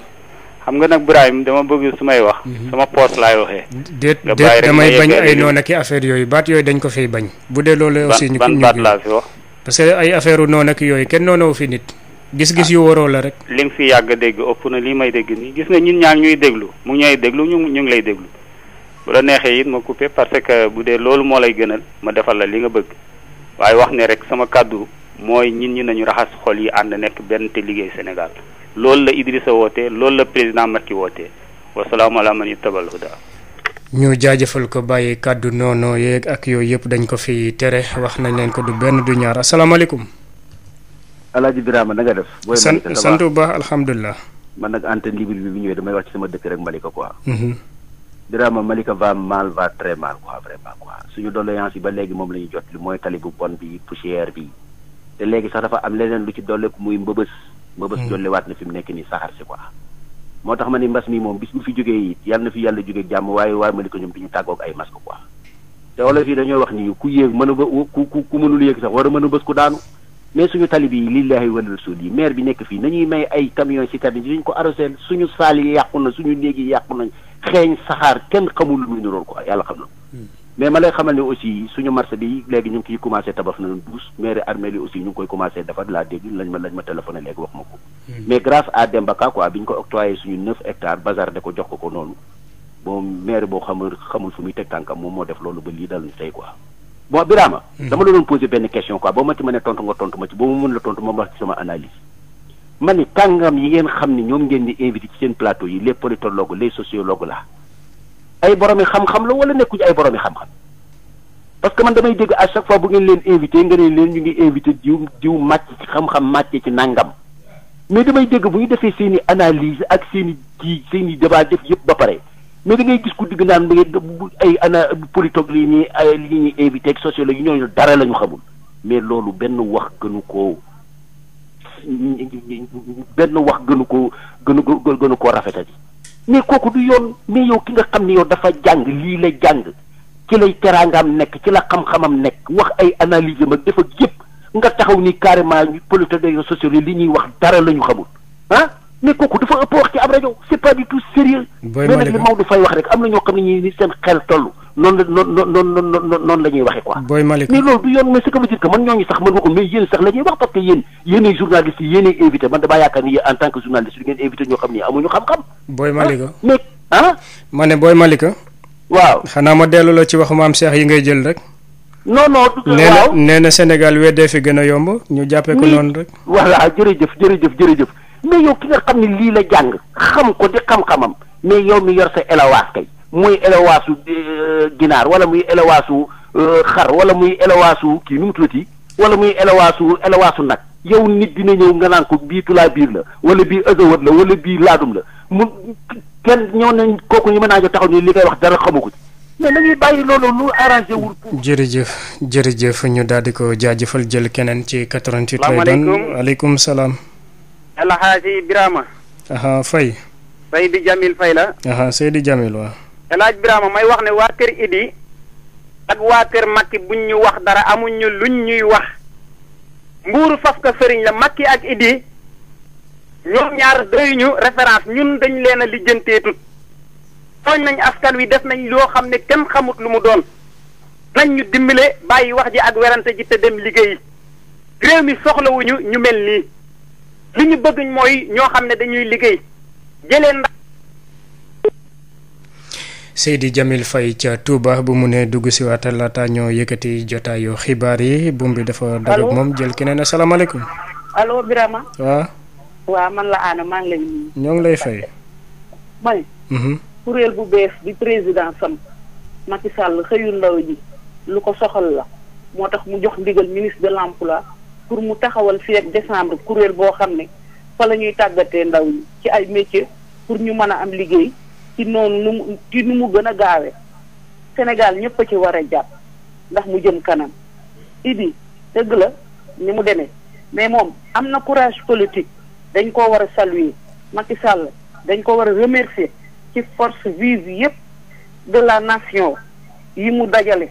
xam nga nag Birahim dama bëgg su may wax. Mhm. sama poos laay waxee. déet déet damay bañ ay noon ak yooyu baat yooyu dañ ko fiy bañ. bu dee loolu aussi laa fi wax. parce que ay affaire u noon ak yooyu kenn noonu fi nit. gis-gis yu waroo la rek. li nga fi yàgg a dégg ëpp na lii may dégg nii gis nga ñun ñaa ngi ñuy déglu mu ngi ñooy déglu ñu ngi lay déglu. bu la neexee it ma coupé parce que bu dee loolu moo lay gënal ma defal la li nga bëgg waaye wax ne rek sama kàddu mooy ñin ñi nañu raxas xol yi ànd nekk benn te liggéey Sénégal loolu la Idrissa wootee loolu la président Macky wootee wasalaamu ala man ittabal huda ñu jaajëfal ko bàyyi kàddu noonu yeeg ak yooyu yëpp dañ ko fi tere wax nañ leen ko du benn du ñaar asalaamaaleykum. Alaaji Birama na nga def. booy sant sant bu baax alhamdulilah. man nag antenne libre bi bu ñëwee damay wax ci sama dëkk rek Malika quoi. Mhm. Birama Malika va mal va très mal quoi vraiment quoi suñu doléance yi ba léegi moom la ñu jot li mooy tali bu bon bi poussière bi te léegi sax dafa am leneen lu ci dolleeku muy mbëbës mbëbës hmm. dolliwaat na fi mu nekk nii saxaar si quoi moo tax ma ni mbas mi moom bis bu fi jógee it yàlla na fi yàlla jógee jàmm waaye waa Malika ñoom bi ñu tàggoog ay masque ko te wala fii dañooy wax ni ku yéeg mën a ku ku mënul yéeg sax war a mën a bës ku daanu mais suñu tali bi lillahi wal rasul yi maire bi nekk fii nañuy may ay camion si tamit duñ ko arrosé suñu saal yàqu na suñu néeg yi yàqu nañ xeeñ saxaar kenn xamul lu muy niroon quoi yàlla xam na hmm. mais ma lay xamal ne aussi suñu marché bi léegi ñu ngi ciy commencé tabax na leen douze mairie armée aussi ñu ngi koy commencé defar laa dégg lañ ma lañ ma téléphoné léegi wax ma ko hmm. mais grâce à Demba Ka quoi bi ñu ko octroyé suñu neuf hectares bazar de ko jox ko ko noonu bon maire boo xamul xamul fu muy teg tànkam moom moo def loolu ba lii dal ñu tey quoi bon Birama hmm. dama la doon benn question quoi boo man ni tàngam yi ngeen xam ni ñoom ngeen di invité ci seen plateau yi les politologues les sociologues la ay boromi xam-xam la wala nekkuñu ay boromi xam-xam parce que man damay dégg à chaque fois bu ngeen leen invité nga ne leen ñu ngi invité diw diw màcc ci xam-xam màcce ci nàngam mais damay dégg bu ñu defee seen i ak seen i ji seen def yëpp ba pare mais da ngay gis ku digg naan bu ay ana politologue li ñuy li ñuy invité ak sociologue yi ñooñu dara la ñu xamul mais loolu benn wax gënu ko. benn wax gënu ko gënu ko gënu koo rafetati mais kooku du yoon mais yow ki nga xam ni yow dafa jàng lii la jàng ci lay teraangaam nekk ci la xam-xamam nekk wax ay analyse ma def ak nga taxaw ni carrément ñu politique des réseaux sociaux li ñuy wax dara la ñu xamul ah mais kooku dafa ëpp wax ci am rajo c'est pas du tout sérieux mais nag li Maodo Faye wax rek am na ñoo xam ne ñi ni seen xel toll noonu la noonu noonu booy Malick mais loolu du yoon mais ce que veut dire man ñooñu sax man ma mais yéen sax la ñuy wax parce que yéen yéenay journaliste yi yéenay invité man damaa yaakaar ni en tant que journaliste du ngeen invité ñoo xam ni amuñu xam-xam. booy Malick ah, mais ah? ne booy Malick waaw xanaa ma dellu la ci waxu maam Cheikh yi ngay jël rek. non non nee na nee na Sénégal weddee fi gën a yomb ñu jàppee ko noonu rek. voilà jërëjëf jërëjëf jërëjëf mais yow ki nga xam ne lii la jàng xam ko di xam-xamam mais yow mi muy élevage su euh, ginaar wala muy élevage su euh, xar wala muy élevage su kii nu mu tuddati wala muy élevage su élevage su nag yow nit dina ñëw nga naan ko bii tulaa la wala bii ëzëwët la wala bii laadum la mu kenn ñoo nañ kooku ñu mën naa taxaw ni li ngay wax dara xamu ko ci. mais nañuy bàyyi loolu lu arrangé wul. ñu daal di ko jaajëfal jël keneen ci 88. lay doon aleykum salaam. El Hadji Birama. Aha Jamil Faye la. Aha Seydi Jamil waaw. laaj Birama may wax ne waa kër Idi ak waa kër Makki buñ ñu wax dara amuñ ñu luñ ñuy wax mbuuru faf ka sëriñ la Makki ak Idi ñoom ñaar doyuñu référence ñun dañ leen a lijjanteetut tooñ nañ askan wi def nañ loo xam ne kenn xamut lu mu doon nañ ñu dimbale bàyyi wax ji ak werante ji te dem liggéeyi réew mi soxlawuñu ñu mel nii li ñu bëgguñ mooy ñoo xam ne dañuy liggéey jëlee ndax Seydi Jamil Faye ca Touba bu mu ne dugg si waat laata ñoo yëkkati jotaayu xibaar yi buum bi dafa dagg moom jël keneen asalaamaaleykum. allo Birama. waaw. waaw man la Anna maa ngi lay ñoo ngi lay fay. may mhm. kuréel bu bees bi président sam Macky Sall ndaw ji lu ko soxal la moo tax mu jox ndigal ministre de l'emploi pour mu taxawal fii ak décembre kuréel boo xam ne fa la ñuy tàggatee ndaw ñi ci ay métiers pour ñu mën a am liggéey. ci noonu nu mu nu mu gën a gaawee Sénégal ñëpp a ci war a jàpp ndax mu jëm kanam Idi dëgg la ni mu demee mais moom am na courage politique dañ koo war a saluer Macky Sall dañ ko war a remercier ci force vive yëpp de la nation yi mu dajale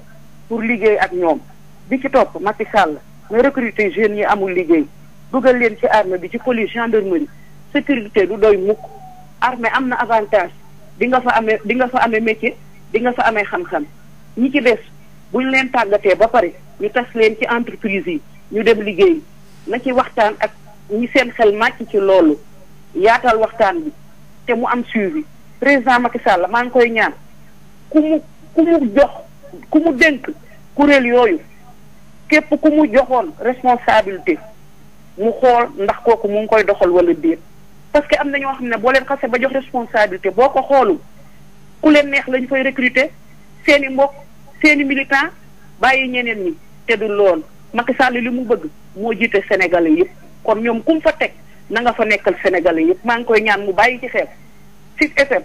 pour liggéey ak ñoom bi ci topp Macky Sall nga recruter jeunes yi amul liggéey dugal leen ci armée bi ci police gendarmerie sécurité du doy mukk armée am na avantage di nga fa amee di nga fa amee métier di nga fa amee xam-xam ñi ci des bu ñu leen tàggatee ba pare ñu tas leen ci entreprise yi ñu dem liggéey na ci waxtaan ak ñi seen xel màcc ci loolu yaatal waxtaan bi te mu am suivi président Macky Sall maa ngi koy ñaan ku mu ku mu jox ku mu dénk kuréel yooyu képp ku mu joxoon responsabilité mu xool ndax kooku mu ngi koy doxal walla déet. parce que am na ñoo xam ne boo leen xasee ba jox responsabilité boo ko xoolu ku leen neex lañu fay recruter seeni mbokk seen i militant bàyyi ñeneen ñi te du lool Macky Sall li mu bëgg moo jiite Sénégalais yëpp kon ñoom ku mu fa teg na nga fa nekkal Sénégalais yëpp maa ngi koy ñaan mu bàyyi ci xel. 6FM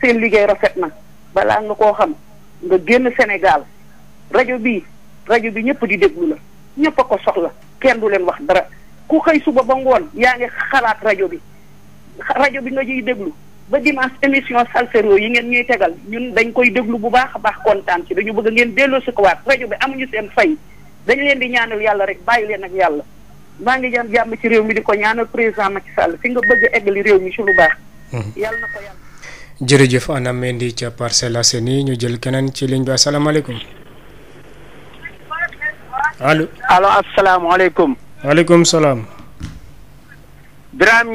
seen liggéey rafet na balaa nga koo xam nga génn Sénégal rajo bi rajo bi ñëpp di déglu la ñëpp a ko soxla kenn du leen wax dara ku xëy suba ba ngoon yaa ngi xalaat rajo bi. rajo bi nga ciy déglu ba dimanche émission salsero yi ngeen ñuy tegal ñun dañ koy déglu bu baax a baax kontaan ci dañu bëgg ngeen delloo si ko waat rajo bi am ñu seen fay dañ leen di ñaanal yàlla rek bàyyi leen ak yàlla maa ngi jam jàmm ci réew mi di ko ñaanal président Macky Sall fi nga bëgg eggali réew mi ci lu baax. Mhm. yàlla na ko yàlla. jërëjëf Anna Mendy ca Parcelles Assainies ñu jël keneen ci liñ bi asalaamaaleykum. allo allo asalaamaaleykum. waaleykum salaam. Birame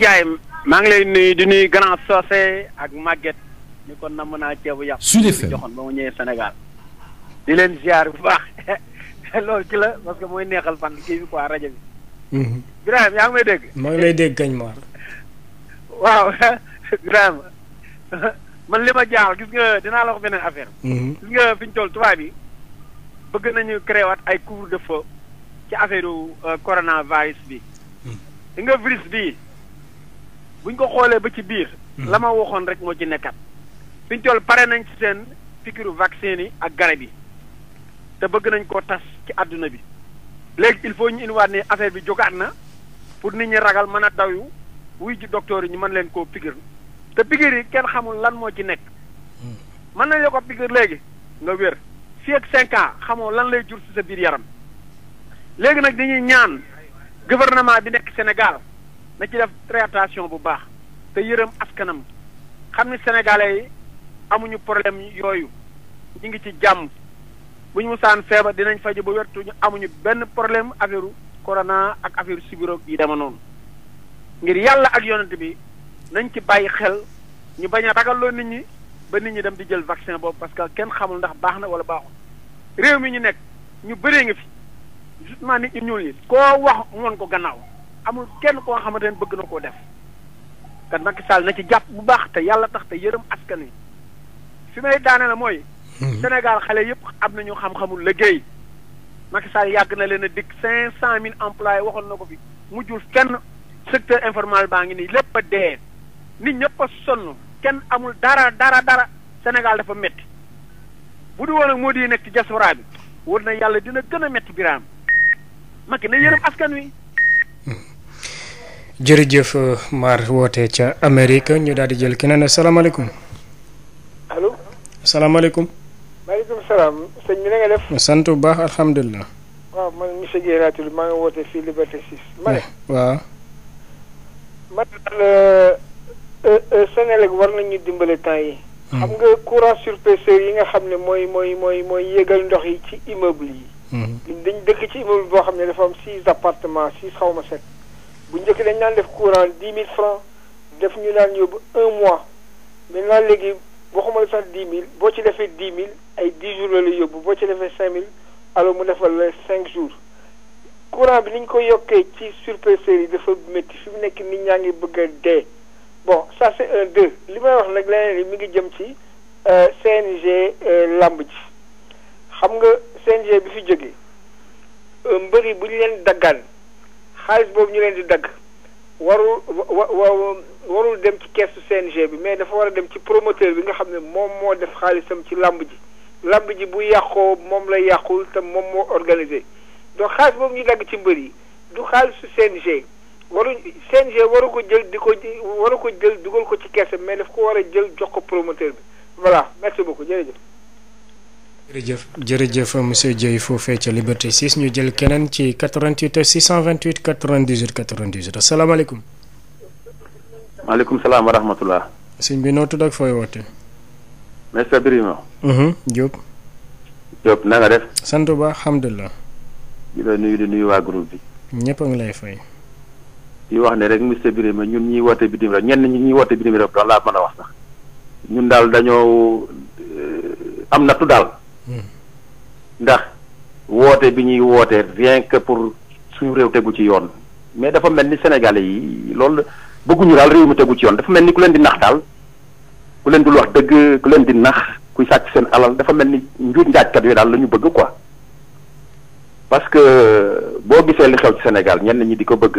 maa ngi lay nuyu di nuyu grand Socé ak Maguette ñu ko namm naa ceebu yàpp. Sud FM joxoon ba di leen ziar bu baax *laughs* loolu mooy neexal fan kii bi quoi rajo bi. Mhm. Birahim yaa ngi may dégg. maa ngi lay dégg kañ maar. *laughs* waaw *laughs* Birahim man li ma jaaxal gis nga dinaa la beneen affaire. Mhm. gis nga fi toll tubaab yi bëgg nañu créé waat ay couvre-feu ci affaire euh, coronavirus bi. di mhm. nga virus bii. buñ ko xoolee ba ci biir. Hmm. la ma waxoon rek moo ci nekkat fiñ toll pare nañ ci seen pikiru vaccin yi ak garab yi te bëgg nañ ko tas ci àdduna bi. léegi il faut ñu indiwaat ne affaire bi jógaat na pour nit ñi ragal mën a daw yu wuy ji docteur yi ñu mën leen ko pikir te pikir yi kenn xamul lan moo ci nekk. Hmm. mën nañ la ko pikir léegi nga wér fii ak 5 xamoo lan lay jur ci sa biir yaram léegi nag dañuy ñaan gouvernement bi nekk Sénégal. na ci def traitation bu baax te yërëm askanam xam ni sénégalais yi amuñu problème yooyu ñu ngi ci jàmm bu ñu musaan feebar dinañ faju ba wertuñu amuñu benn problème affaire corona ak affaire sibiroog yi dama noonu ngir yàlla ak yonent bi nañ ci bàyyi xel ñu bañ a ragalloo nit ñi ba nit ñi dem di jël vaccin boobu parce que kenn xamul ndax baax na wala baaxul réew mi ñu nekk ñu bëree nga fi justement nit ñu ñuul yi koo wax moon ko gannaaw amul kenn koo xamante ne bëgg na koo def kan Macky Sall na ci jàpp bu baax te yàlla tax te yërëm askan wi si may daanee la mooy. Hmm. Sénégal xale yëpp am nañu xam-xamul liggéey. Macky Sall yàgg na leen a dikk cinq cent mille employés waxoon na ko fi mujjul fenn secteur informel baa ngi nii lépp a dee nit ñëpp a sonn kenn amul dara dara dara Sénégal dafa métti bu du woon moo di nekk ci diaspora bi war na yàlla dina gën a métti biraam Macky na yërëm askan wi. jërëjëf Mar woote ca Amérique ñu daal di jël keneen asalaamaaleykum. allo. asalaamaaleykum. maaleykum salaam sëñ bi na def. sant bu baax alhamdulilah. waaw man monsieur Guèye laa tudd maa ngi woote fii Liberté 6. ma ne eh, waaw. man daal euh, euh, euh, Sénégal war nañu dimbale temps yi. Hmm. xam nga courant surpresseur yi nga xam ne mooy mooy mooy mooy yéegal ndox yi ci immeuble yi. Mm-hmm. dañ dëkk ci immeuble boo xam ne dafa am six appartement six xaw ma set bu njëkk dañ naan def courant dix mille francs def ñu naan yóbbu un mois maintenant léegi waxuma la sax dix mille boo ci defee dix mille ay dix jours la yóbbu boo ci defee cinq mille alors mu defal la cinq jour courant bi ni ko yokkee ci surpresseurs yi dafa métti fi mu nekk nit ñaa ngi bëgg a dee bon ça c'est un deux li may wax nag leneen li mi ngi jëm ci euh, CNG euh, làmb ji xam nga CNG bi fi jógee euh, mbëri bu ñu leen daggaan xaalis boobu ñu leen di dagg warul wa warul dem ci keesu CNG bi mais dafa war a dem ci promoteur bi nga xam ne moom moo def xaalisam ci làmb ji làmb ji bu yàqoo moom la yàqul te moom moo organisé donc xaalis boobu ñu dagg ci mbër yi du xaalisu CNG waruñ CNG waru ko jël di ko waru ko jël dugal ko ci keesam mais daf ko war a jël jox ko promoteur bi voilà merci beaucoup jërëjëf. jërëjëf jërëjëf monsieur Dieye foofee ca Liberté 6 ñu jël keneen ci 88 628 98 98 asalaamaaleykum. maaleykum salaam wa rahmatulah. sëñ bi noo tudd ak fooy woote. monsieur Birima. Mhm, Diop. Diop na nga def. sant bu baax alhamdulilah. di la nuyu di nuyu waa groupe bi. ñëpp a ngi lay fay. di wax ne rek monsieur Birima ñun ñuy woote bitim réew ñenn ñi ñuy woote bitim réew doon laa mën a wax sax ñun daal dañoo euh, am nattu daal. ndax woote bi ñuy woote rien que pour suñu réew tegu ci yoon mais dafa mel ni Sénégalais yi loolu bëgguñu daal réew mi tegu ci yoon dafa mel ni ku leen di nax daal ku leen dul wax dëgg ku leen di nax kuy sàcc seen alal dafa mel ni njuuj njaajkat yooyu daal la ñu bëgg quoi parce que euh, boo gisee li xew ci Sénégal ñenn ñi di ko bëgg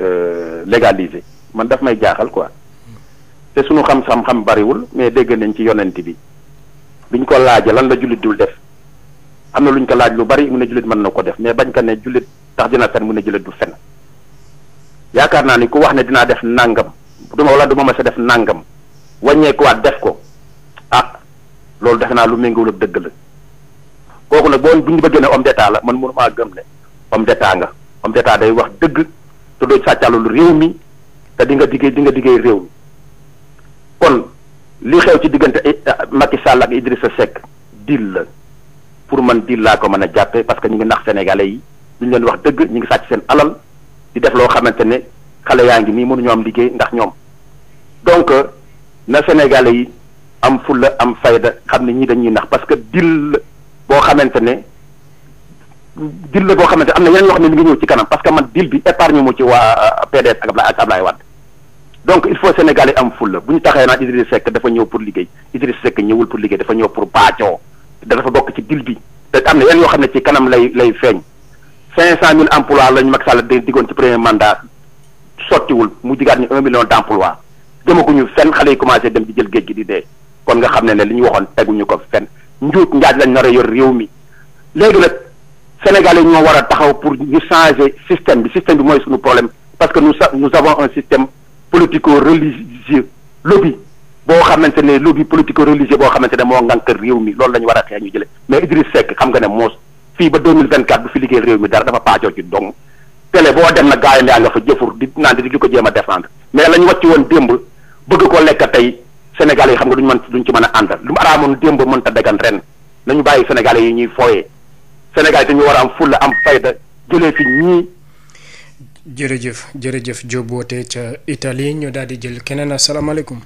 euh, légaliser man daf may jaaxal quoi te suñu xam-xam xam bariwul mais dégg nañ ci yonent bi biñ ko laaj lan la jullit dul def am na luñ ko laaj lu bari mu ne jullit mën na ko def mais bañ ko ne jullit tax dina fen mu ne jullit du fen yaakaar naa ni ku wax ne dinaa def nangam duma wala duma ma sa def nangam wàññeekuwaat def ko ah loolu defe naa lu méngóol ak dëgg la kooku nag boo bu bëggee ne homme d'état la man mënumaa gëm ne homme d'état nga homme d'état day wax dëgg te doo sàccalul réew mi te dinga nga diggéey di nga diggéey réew mi kon li xew ci diggante eh, Macky Sall ak Idrissa Seck dil la pour man dil laa ko mën a jàppe parce que ñu ngi nax sénégalais yi duñ leen wax dëgg ñu ngi sàcc seen alal di def loo xamante ne xale yaa ngi nii mënuñoo am liggéey ndax ñoom donc euh, na sénégalais yi am fulla am fayda xam ne ñii dañuy nax parce que dil boo xamante ne la boo xamante am na yeneen yoo xam ne mi ngi ñëw ci kanam parce que man dil bi épargne mu ci waa euh, PDS ak Abdoulaye Wade donc il faut sénégal Sénégalais am fulla bu ñu taxee naan Idriss Seck dafa ñëw pour liggéey Idriss Seck ñëwul pour liggéey dafa ñëw pour baajoo da dafa bokk ci dil bi te am na yenn yoo xam ne ci kanam lay lay feeñ cinq cent mille emploi lañu Macky Sall di diggoon ci premier mandat sottiwul mu jigaat ñu un million d' emploi jëmaguñu fenn xale yi commencé dem di jël géej gi di dee kon nga xam ne ne li ñu waxoon teguñu ko fenn njuut njaaj lañ nar a yor réew mi léegi nag Sénégal yi ñoo war a taxaw pour ñu changer bi système bi mooy suñu problème parce que nous nous avons un système politico religieux lobby boo xamante ne lobby politico religieux boo xamante ne moo ngànk réew mi loolu la ñu war a xeex ñu jële mais Idriss Seck xam nga ne moos fii ba 2024 du fi liggéeyal réew mi dara dafa paajoo ci dong télé boo dem na gaay ndaa nga fa jëfur di naan di ko jéem a défendre mais lañ wàcc woon démb bëgg ko lekk tey Sénégal yi xam nga duñ mën duñ ci mën a àndal lu mu araamoon démb mën ta dagan ren nañu bàyyi Sénégalais am fulla am fayda jëlee fi ñii jërëjëf jërëjëf Jóoboote ca Italie ñu daal di jël keneen asalaamaaleykum.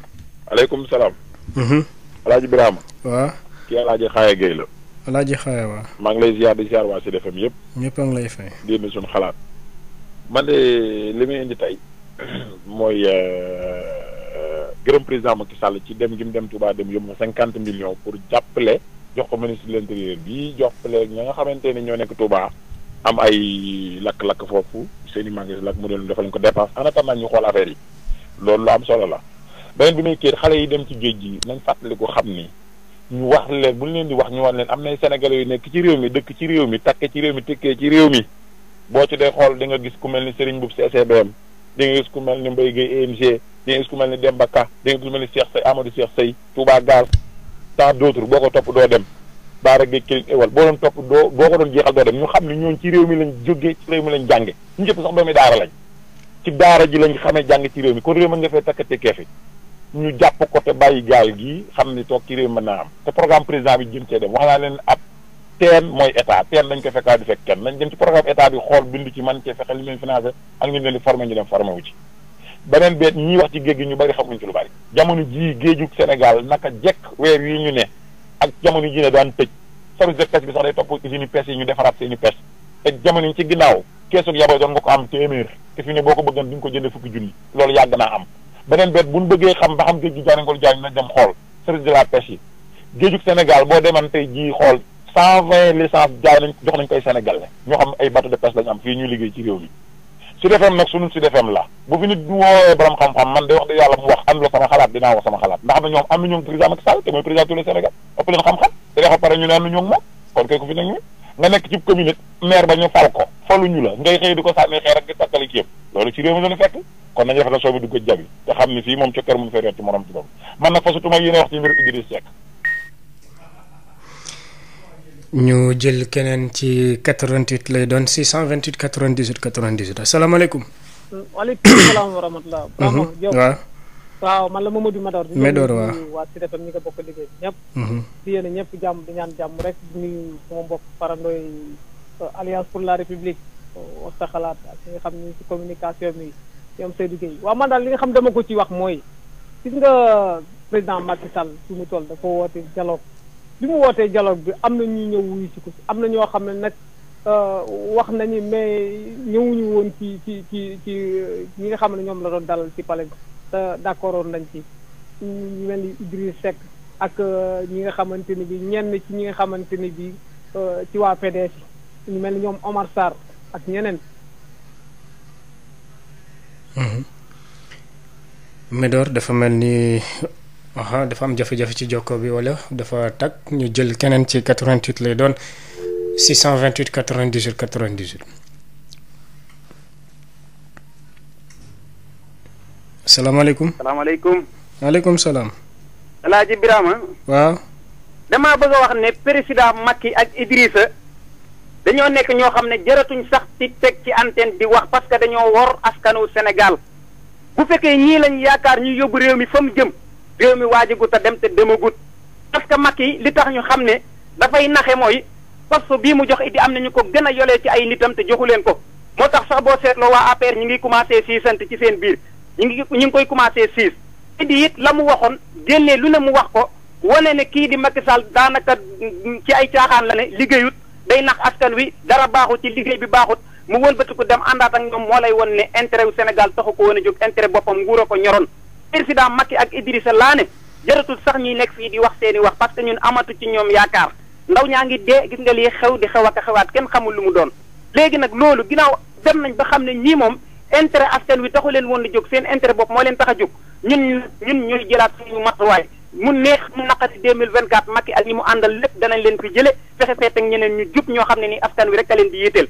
aleykum salaam. Mhm. alaaji Birama. waaw. kii alaaji Xaaya Gueye la. alaaji Xaaya waaw. maa ngi lay ziar di ziar waa Sud FM yëpp. ñëpp a lay fay. génn suñu xalaat. man de li may tey *clears throat* mooy euh, gërëm président Macky Sall ci dem gi mu dem Touba dem yóbbu ma cinquante millions pour jàppale jox ko ministre de l'intérieur bii jox ko ña nga xamante ne ñoo nekk Touba. am ay lakk-lakk foofu seen i magasin lakk mu doon defal ñu ko dépense en attendant ñu xool affaire yi loolu lu am solo la beneen bi may kii xale yi dem ci géej gi nañ fàttaliku xam ni ñu wax leen bu ñu leen di wax ñu wax leen am nay sénégalais yu nekk ci réew mi dëkk ci réew mi takke ci réew mi tekkee ci réew mi boo ci dee xool di nga gis ku mel ni Serigne Mboup CCBM e di nga gis ku mel ni Mbaye Gueye EMG di nga gis ku mel ni Demba Ka di gis ku mel ni Cheikh Seye Amadou Cheikh Seye Touba Gall tant d'autres boo ko topp doo dem daara géej këriñ éwal boo doon topp doo boo ko doon jeexal doo dem ñu xam ne ñooñu ci réew mi lañ jógee ci réew mi lañ jànge ñu njëpp sax doomi daara lañ ci daara ji lañ xamee jàng ci réew mi kon réew mën nga fee takkate keefi ñu jàpp ko te bàyyi gaal gi xam ni toog ci réew mën naa am te programme président bi jëm cee dem leen ab teen mooy état teen lañ ko fekkaa du fekk kenn nañ dem ci programme état bi xool bind ci man cee fexe li leen financé ak ñu leen di formé ñu dem formé ci beneen wax ci géej gi ñu bari xamuñ ci lu bari jamono jii géejug Sénégal naka jekk weer yi ñu ne ak jamono ji ne daan tëj service de pêche bi sax day topp usine yi ñu defaraat seeni pêche te jamono yi ci ginnaaw keesug yabay doon nga ko am téeméer te fi ne boo ko bëggoon di nga ko jënde fukki junni loolu yàgg naa am beneen bet bu ñu bëggee xam ba xam géej gi jaay nañ nañ dem xool service de la pêche yi géejug Sénégal boo deman tey jii xool cent vingt licence jaay nañ jox nañ koy Sénégal ñoo xam ay bateau de pêche lañu am fii ñuy liggéey ci réew mi ci defem nag sunu ci defem la bu fi nit du woowee borom xam-xam man de wax dëgg yàlla mu wax am la sama xalaat dinaa wax sama xalaat ndax am na ñoom am na ñoom président Macky Sall te mooy président tout le Sénégal ëpp leen xam-xam te dafa pare ñu ne am na ñoom moom kon kay ku fi nag ñu nga nekk ci commune maire ba ñu fal ko faluñu la ngay xëy di ko sànni xeer ak di takkali loolu ci réew mi doon fekk kon nañu defe soo mu fay reet ci morom ci ñu jël keneen ci 88 lay doon 628 98 98 asalaamaaleykum. waaleykum salaam wa rahmatulah. *coughs* Mhm. waaw. waaw man la Mamadou Médor. Médor waaw di waa Sud FM ñi nga bokk liggéey bi ñëpp. Mhm. di yéen jàmm di ñaan jàmm rek di nuyu sama mbokk farandooy euh, alliance pour la république wax euh, sa xalaat ak nga xam ni ci communication bi ñoom Seydou Gueye waaw man daal li nga xam dama ko ci wax mooy gis nga président Macky Sall fi mu toll dafa li mu wootee jaloog bi am na ñuy ñëw wuyu ko am na ñoo xam ne nag euh, wax nañu mais ñëwuñu woon ci ci ci ci ñi nga xam ne ñoom la doon dalal ci palais bi te d'accord nañ ci ñu mel ni Seck ak euh, ñi nga xamante ni bi ñenn ci ñi nga xamante ni bi euh, ci waa PDS ñu mel ni ñoom Omar Sarr ak ñeneen mhm. Médor dafa mel ni aha dafa am jafe-jafe ci jokko bi wala dafa tag ñu jël keneen ci 88 lay doon uit 628 98 98. salaamaaleykum. salaamaaleykum. maaleykum salaam. El Hadj Birama. waaw. damaa bëgg a wax ne président Macky ak Idrissa dañoo nekk ñoo xam ne jëratuñ sax ci teg ci antenne di wax parce que dañoo wor askanu Sénégal bu fekkee ñii lañ yaakaar ñu yóbbu réew mi fa mu jëm. réew mi waajagut a dem te demagut parce que mag yi li tax ñu xam ne dafay naxe mooy poste bii mu jox it am nañu ko gën a yolee ci ay nitam te joxu leen ko moo tax sax boo seetloo waa APR ñu ngi commencé siisant ci seen biir ñu ngi ñu ngi koy commencé siis idi it la mu waxoon génnee lu ne mu wax ko wane ne kii di Macky Sall daanaka ci ay caaxaan la ne liggéeyut day nax askan wi dara baaxut ci liggéey bi baaxut mu wëlbatiku dem àndaat ak ñoom moo lay won ne intérêt wu Sénégal taxu ko a jóg intérêt boppam nguur a ko président Macky ak Idrissa laa ne jërëtul sax ñuy nekk fii di wax seen i wax parce que ñun amatu ci ñoom yaakaar ndaw ñaa ngi dee gis nga lii xew di xew ak a xewaat kenn xamul lu mu doon léegi nag loolu ginnaaw dem nañ ba xam ne ñii moom intérêt askan wi taxu leen woon di jóg seen intérêt bopp moo leen tax a jóg ñun ñun ñooy jëlaat suñu matuwaay mu neex mu naqari 2024 Macky ak ñi mu àndal lépp danañ leen fi jële fexe feet ak ñeneen ñu jub ñoo xam ne nii askan wi rek a leen di et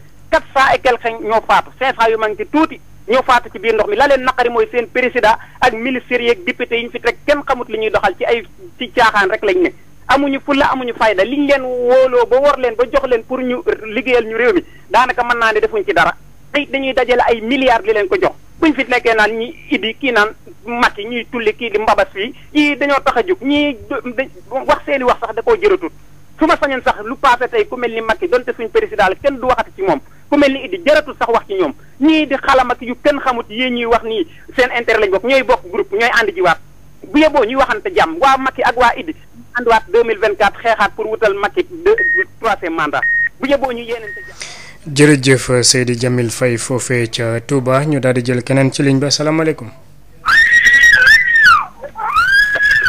quelque ñoo faatu cinq cent yu tuuti ñoo faatu ci biir ndox mi la leen naqari mooy seen président ak ministère yeeg député yi ñu fi teg kenn xamut li ñuy doxal ci ay ci caaxaan rek lañ ne amuñu fulla amuñu fayda ñu leen wooloo ba war leen ba jox leen pour ñu liggéeyal ñu réew mi daanaka mën naa ne defuñ ci dara tey dañuy dajale ay milliards di leen ko jox buñ fi nekkee naan ñi idi kii naan makki ñuy tulli kii di mbabas fii ñii dañoo tax a jóg ñii wax seeni wax sax da koo jëratut su ma sañoon sax lu passé tey ku mel ni makki donte suñ président la kenn du waxati ci moom ku mel ni Idi jaratul sax wax ci ñoom ñii di xalam yu kenn xamut yéen ñuy wax nii seen intérêt lañ bokk ñooy bokk groupe ñooy ànd jiwaat bu yeboo ñuy waxante jàmm waa Macky ak waa mille ànduwaat 2024 xeexaat pour wutal Macky deux troisième mandat bu yeboo ñu yéenante jàmm. jërëjëf Seydi Djamil Faye foofee ca Touba ñu daal di jël keneen ci liñ bi asalaamaaleykum.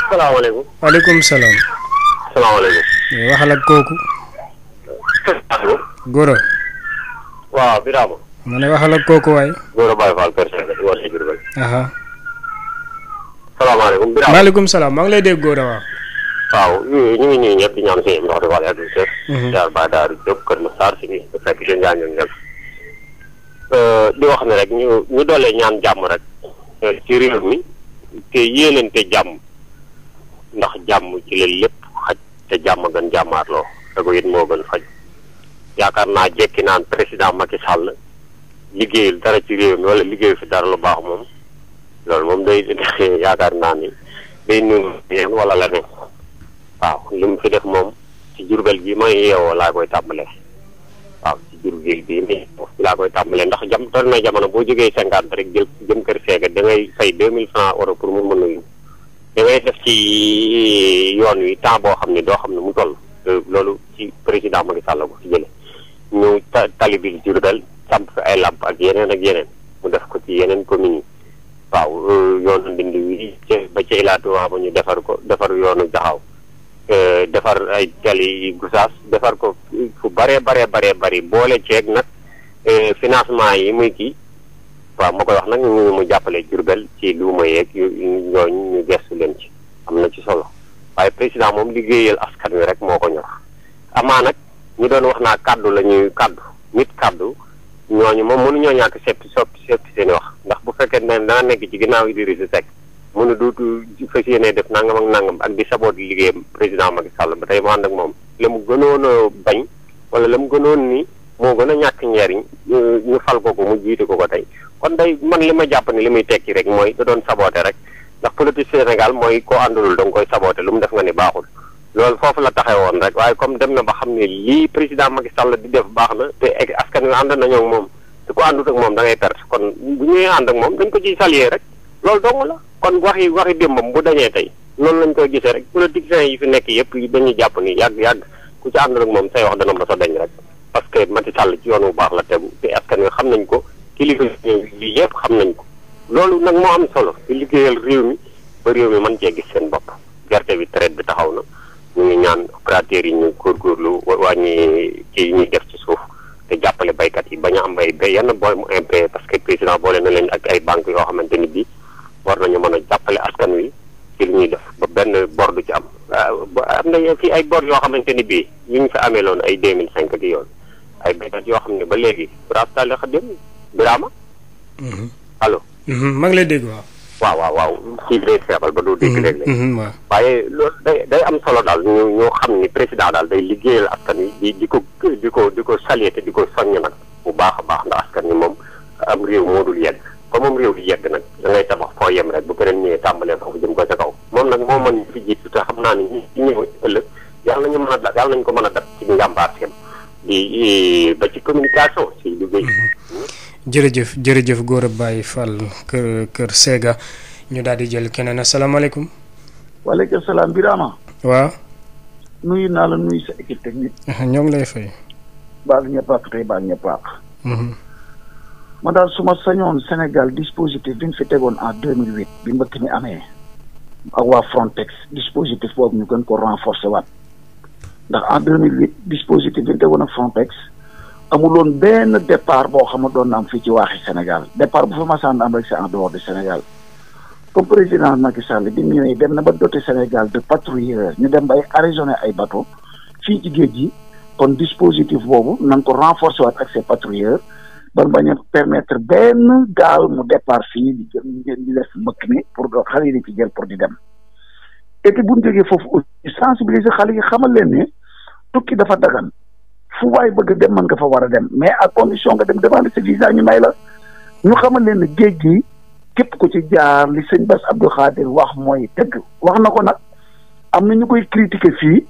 salaamaaleykum. waaleykum salaam. waxal ak kooku. Gora. waaw Birama. ma ne waxal ak kooku waay. Gora Baye Fall personne la di woote Diourbel. salaamaaleykum Birama maaleykum salaam maa ngi lay dégg Gora waaw. waaw ñu ngi ñuy ñëpp di mhm. si ñu nekk. Euh, di wax ne rek ñu ñu doolee ñaan jàmm rek euh, ci réew mi te yéenante jàmm ndax jàmm ci la lépp xaj te jàmm gën jàmmaarloo te ko it moo gën faj. yaakaar naa jekki naan président Macky Sall liggéeyul dara ci réew mi wala liggéeyu fi dara lu baax moom loolu moom day *laughs* yaakaar naa ni day nuyu yéen wala la ne waaw li mu fi def moom ci jurbel gi may yeewoo laa koy tàmbalee waaw ci jur gi bii nii laa koy tàmbalee ndax jam toll na jamono boo jógee cinquante rek jëm kër seega da ngay fay deux mille francs euro pour mu mën a yóbbu da ngay def ci yoon wi temps boo xam ne doo xam ne mu toll euh, loolu ci président Macky Sall ñu tali bi Diourbel samp ay làmp ak yeneen ak yeneen mu def ko ci yeneen communes yi waaw euh, yoonu mbind wi ba ci ilaatu waa ba ñu defar ko defar yoonu jaxaw euh, defar ay tali gusaas defar ko fu baree baree baree bari boole ceeg nag euh, financement yi muy kii waaw ma koy wax nag ñu mu jàppale Diourbel ci luuma yeeg ñooñu ñu leen ci am na ci solo waaye président moom liggéeyal askan wi rek moo ko ñor amaa nag ñu doon wax naa kàddu la ñuy kàddu nit kàddu ñooñu moom mënuñoo ñàkk seppi soppi seppi seen i wax ndax bu fekkee ne dana nekk ci ginnaaw Idrissa Seck mu ne duutu fas yéenee def nangam ak nangam ak di saboot liggéeyam président Macky Sall ba tey mu ànd ak moom la mu gënoon a bañ wala la mu gënoon nii moo gën a ñàkk njariñ ñu fal ko ko mu jiite ko ko tey kon day man li ma jàpp ne li muy tekki rek mooy da doon saboote rek ndax politique Sénégal mooy ko àndulul da saboote lu mu def nga ne baaxul loolu foofu la taxawoon rek waaye comme dem na ba xam ne lii président Macky Sall di def baax na te egg askan wi ànd nañoo ak moom te ku àndut ak moom da ngay perte kon bu ñuy ànd ak moom dañ ko ciy saluer rek loolu dong la kon waxi waxi démbam bu dañee tey noonu lañ koy gisee rek politiciens yi fi nekk yëpp dañuy jàpp ni yàgg yàgg ku ci àndul ak moom say wax dana mos a dañ rek parce que Macky Sall ci yoon bu baax la tegu te askan wi xam nañ ko kilifa yi yëpp xam nañ ko loolu nag moo am solo ci liggéeyal réew mi ba réew mi mën cee gis seen bopp gerte bi traite bi taxaw na ñu ngi ñaan opérateurs yi ñu góorgóorlu wàññi ci ñuy def ci suuf te jàppale baykat yi bañ a am ay ba yenn booy mu impayé parce que président boole na leen ak ay banques yoo xamante ni bii war nañu mën a jàppale askan wi ci li ñuy def ba benn bor du ci am. am na fii ay bor yoo xamante ni bii yu ñu fi amee loon ay deux mille cinq di yoon ay baykat yoo xam ne ba léegi. Birame Talla Xadim Birama. Mm-hmm. allo. Mm-hmm. maa ngi lay dégg waaw. waaw waaw waaw kii bi day feebal ba doo dégg mm-hmm, léeg-léeg mm-hmm, waaye loolu day day am solo daal ñoo xam ni président daal day liggéeyal askan yi di di ko di ko di ko saluer te di ko soññ nag bu baax a baax ndax askan yi moom am réew moo dul yegg comme moom réew di yegg nag da ngay tabax foo yem rek bu keneen nii tàmbalee foofu jëm ko ca kaw moom nag moo mën fi jiitu te xam naa ni ñi ñëw ëllëg yàlla nañu mën a da yàlla nañu ko mën a dab ci njàmbaar seen di ba ci communication si liggéey mm-hmm. hmm? jërëjëf jërëjëf Gora Baye Fall kër kër Sega ñu daal di jël keneen asalaamaaleykum. waaleykum salaam Birama. waaw. nuyu naa la nuyu sa équipe technique. ñoo ngi lay fay. baal ñëpp ak tey baal ñëpp ak. Mhm. ma daal su ma sañoon Sénégal dispositif bi ñu fi tegoon en 2008 bi mbëkk mi amee. ak waa Frontex dispositif boobu ñu gën ko renforcer waat. ndax en 2008 dispositif bi ñu tegoon ak Frontex. amuloon benn départ boo xam ne doon na am fii ci waaxi Sénégal départ bu fa masaan am rek c'est en dehors de Sénégal comme président Macky Sall bi mu ñëwee dem na ba doté Sénégal de patrouilleurs ñu dem bay ay ay bateau fii ci géej gi kon dispositif boobu nang ko renforcer waat ak ces patrouilleurs ba bañ a permettre benn gaal mu départ fii di di def mbëkk mi pour xale yi di pour di dem et bu ñu jógee foofu aussi sensibiliser xale yi xamal leen ne tukki dafa dagan fu waay bëgg dem man nga fa war a dem mais à condition nga dem demander sa visa ñu may la ñu xamal leen ne géej gi képp ku ci jaar li sëñ Bass Abdou Khadir wax mooy dëgg wax na ko nag am na ñu koy critiquer fii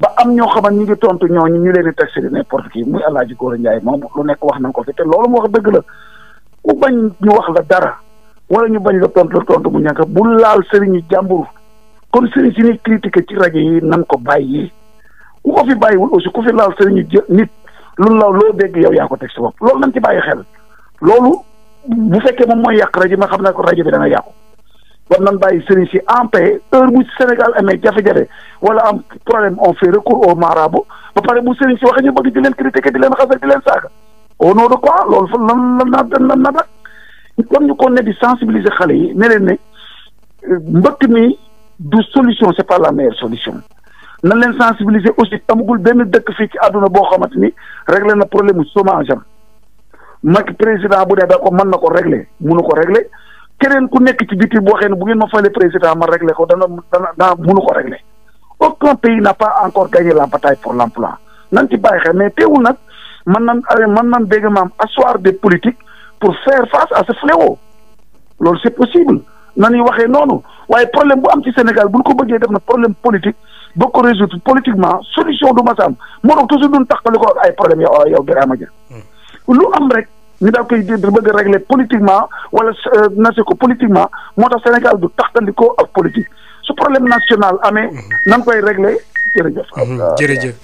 ba am ñoo xaman ñu ngi tontu ñoo ñu leen di taxé de n'importe qui muy El Hadj Gora Ndiaye moom lu nekk wax na ko fi te loolu mu wax dëgg la ku bañ ñu wax la dara wala ñu bañ la tontu la tontu mu ñàkk bu laal sëriñu jàmbur kon sëriñ si ñuy critiquer ci rajo yi nan ko bàyyi. ku ko fi bàyyiwul aussi ku fi laal sëriñu jë nit lu la loo dégg yow yaa ko teg sa bopp loolu nañ ci bàyyi xel loolu bu fekkee moom mooy yàq rajo ma xam ne ko rajo bi dana yàqu war nañ bàyyi sëriñ si en paix heure bu Sénégal amee jafe-jafe wala am problème on fait recours au marabout ba pare bu sëriñ si waxee ñu bëgg di leen critiquer di leen xasal di leen saaga au nom de quoi loolu fa lan lan na lan na nag kon ñu ko ne di sensibiliser xale yi ne leen ne mbëkk mi du solution c'est pas solution nan leen sensibiliser aussi amagul benn dëkk fii ci àdduna boo xamante ni réglé na problème mu chômage am Macky président bu dee da ko mën na ko réglé munu ko réglé keneen ku nekk ci biti bu waxee ne bu ngeen ma falee président ma réglé ko dana dana dana munu ko réglé aucun pays n'a pas encore gagné la bataille pour l'emploi nan ci bàyyi xel mais teewul nag mën nan mën nan dégg maam asseoir des politiques pour faire face à ce fléau loolu c'est possible na ñuy waxee noonu waaye problème bu am Sénégal bu ñu ko bëggee def na problème politique boo ko résoudre politiquement solution du mas a am moo tax toujours duñ taxali ko ay problème yow yow Birama Dia hmm. lu am rek ñu daal koy bëgg a régler politiquement wala euh, nase ko politiquement moo tax Sénégal du taxtalikoo ak politique su problème national amee hmm. nan koy régler jërëjëf hmm, euh, jërëjëf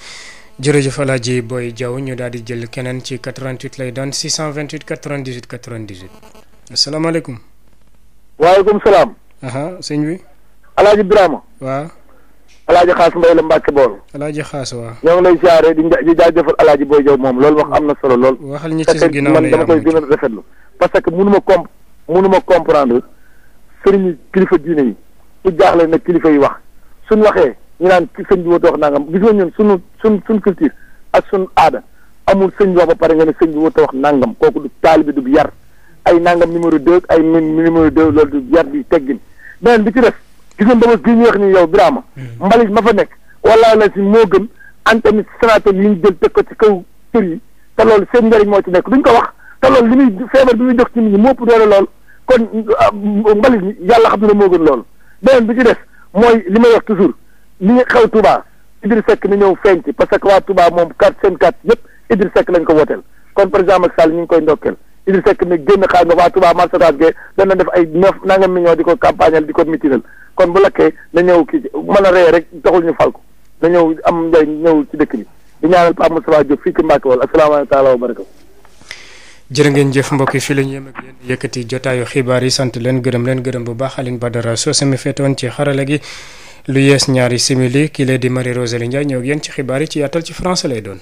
jërëjëf Alaaji Boy ñu daal di jël keneen ci 88 lay doon 628 98 98 asalaamaaleykum waaleykum salaam aha sëñ bi Alaaji Birama waaw alaaji xaas mbay la mbàkke bool alaaji xaas waaw ñoo ngi lay siyaare di di jaajëfal alaaji booy jow moom loolu wax mm. am na solo lool waxal ñi ci sa ginnaaw man dama koy gën a rafetlu parce que mënuma comprendre sëriñu kilifa diine yi ku jaaxle na kilifa yi wax suñ waxee ñu naan sëñ bi woote wax nangam gis nga ñun suñu suñ suñ culture ak suñ aada amul sëñ bi wax ba pare nga ne sëñ bi woote wax nangam kooku du taalibi du yar ay nangam numéro deux ay numéro deux loolu du yar bi teggin beneen bi ci def gis ba Ndebes gii ñu wax nii yow Birama. Hmm. mbalit ma fa nekk. wallaahi la si moo gën an tamit stratégie yi ñu jël teg ko ci kaw kër yi te lool seen njëriñ moo ci nekk ñu ko wax te loolu li muy feebar bi muy jox ci nit ñi moo ëpp doole lool kon ah, mbalit yàlla xam ne moo gën loolu. beneen bi ci def mooy li may wax toujours li xew Touba Idriss Seck ni ñëw feeñ ci parce que waa Touba moom carte seen carte yëpp Idriss sekk lañ ko wooteel kon président Macky ñu ngi koy ndokkeel. Idrissa Seck mi génn xaaj ba waa Touba marché Ocass ge dana def ay neuf nangam millions di ko campagnal di ko mitinal kon bu lakkee na ñëw kii mën a ree rek taxul ñu fal ko na ñëw am njëriñ ñëw ci dëkk bi di ñaanal Pape Moustapha Diop fii ci Mbacke wala asalaamaaleykum taala wa barakatu jërë ngeen jëf mbokki yi fii la ñu yem ak yéen yëkkati jotaayu xibaar yi sant leen gërëm leen gërëm bu baax Aline Badara soo semi feetoon ci xarala gi lu yees ñaari simili kii lee di Marie Rosalie Ndiaye ñëw ak ci xibaar yi ci yàttal ci français lay doon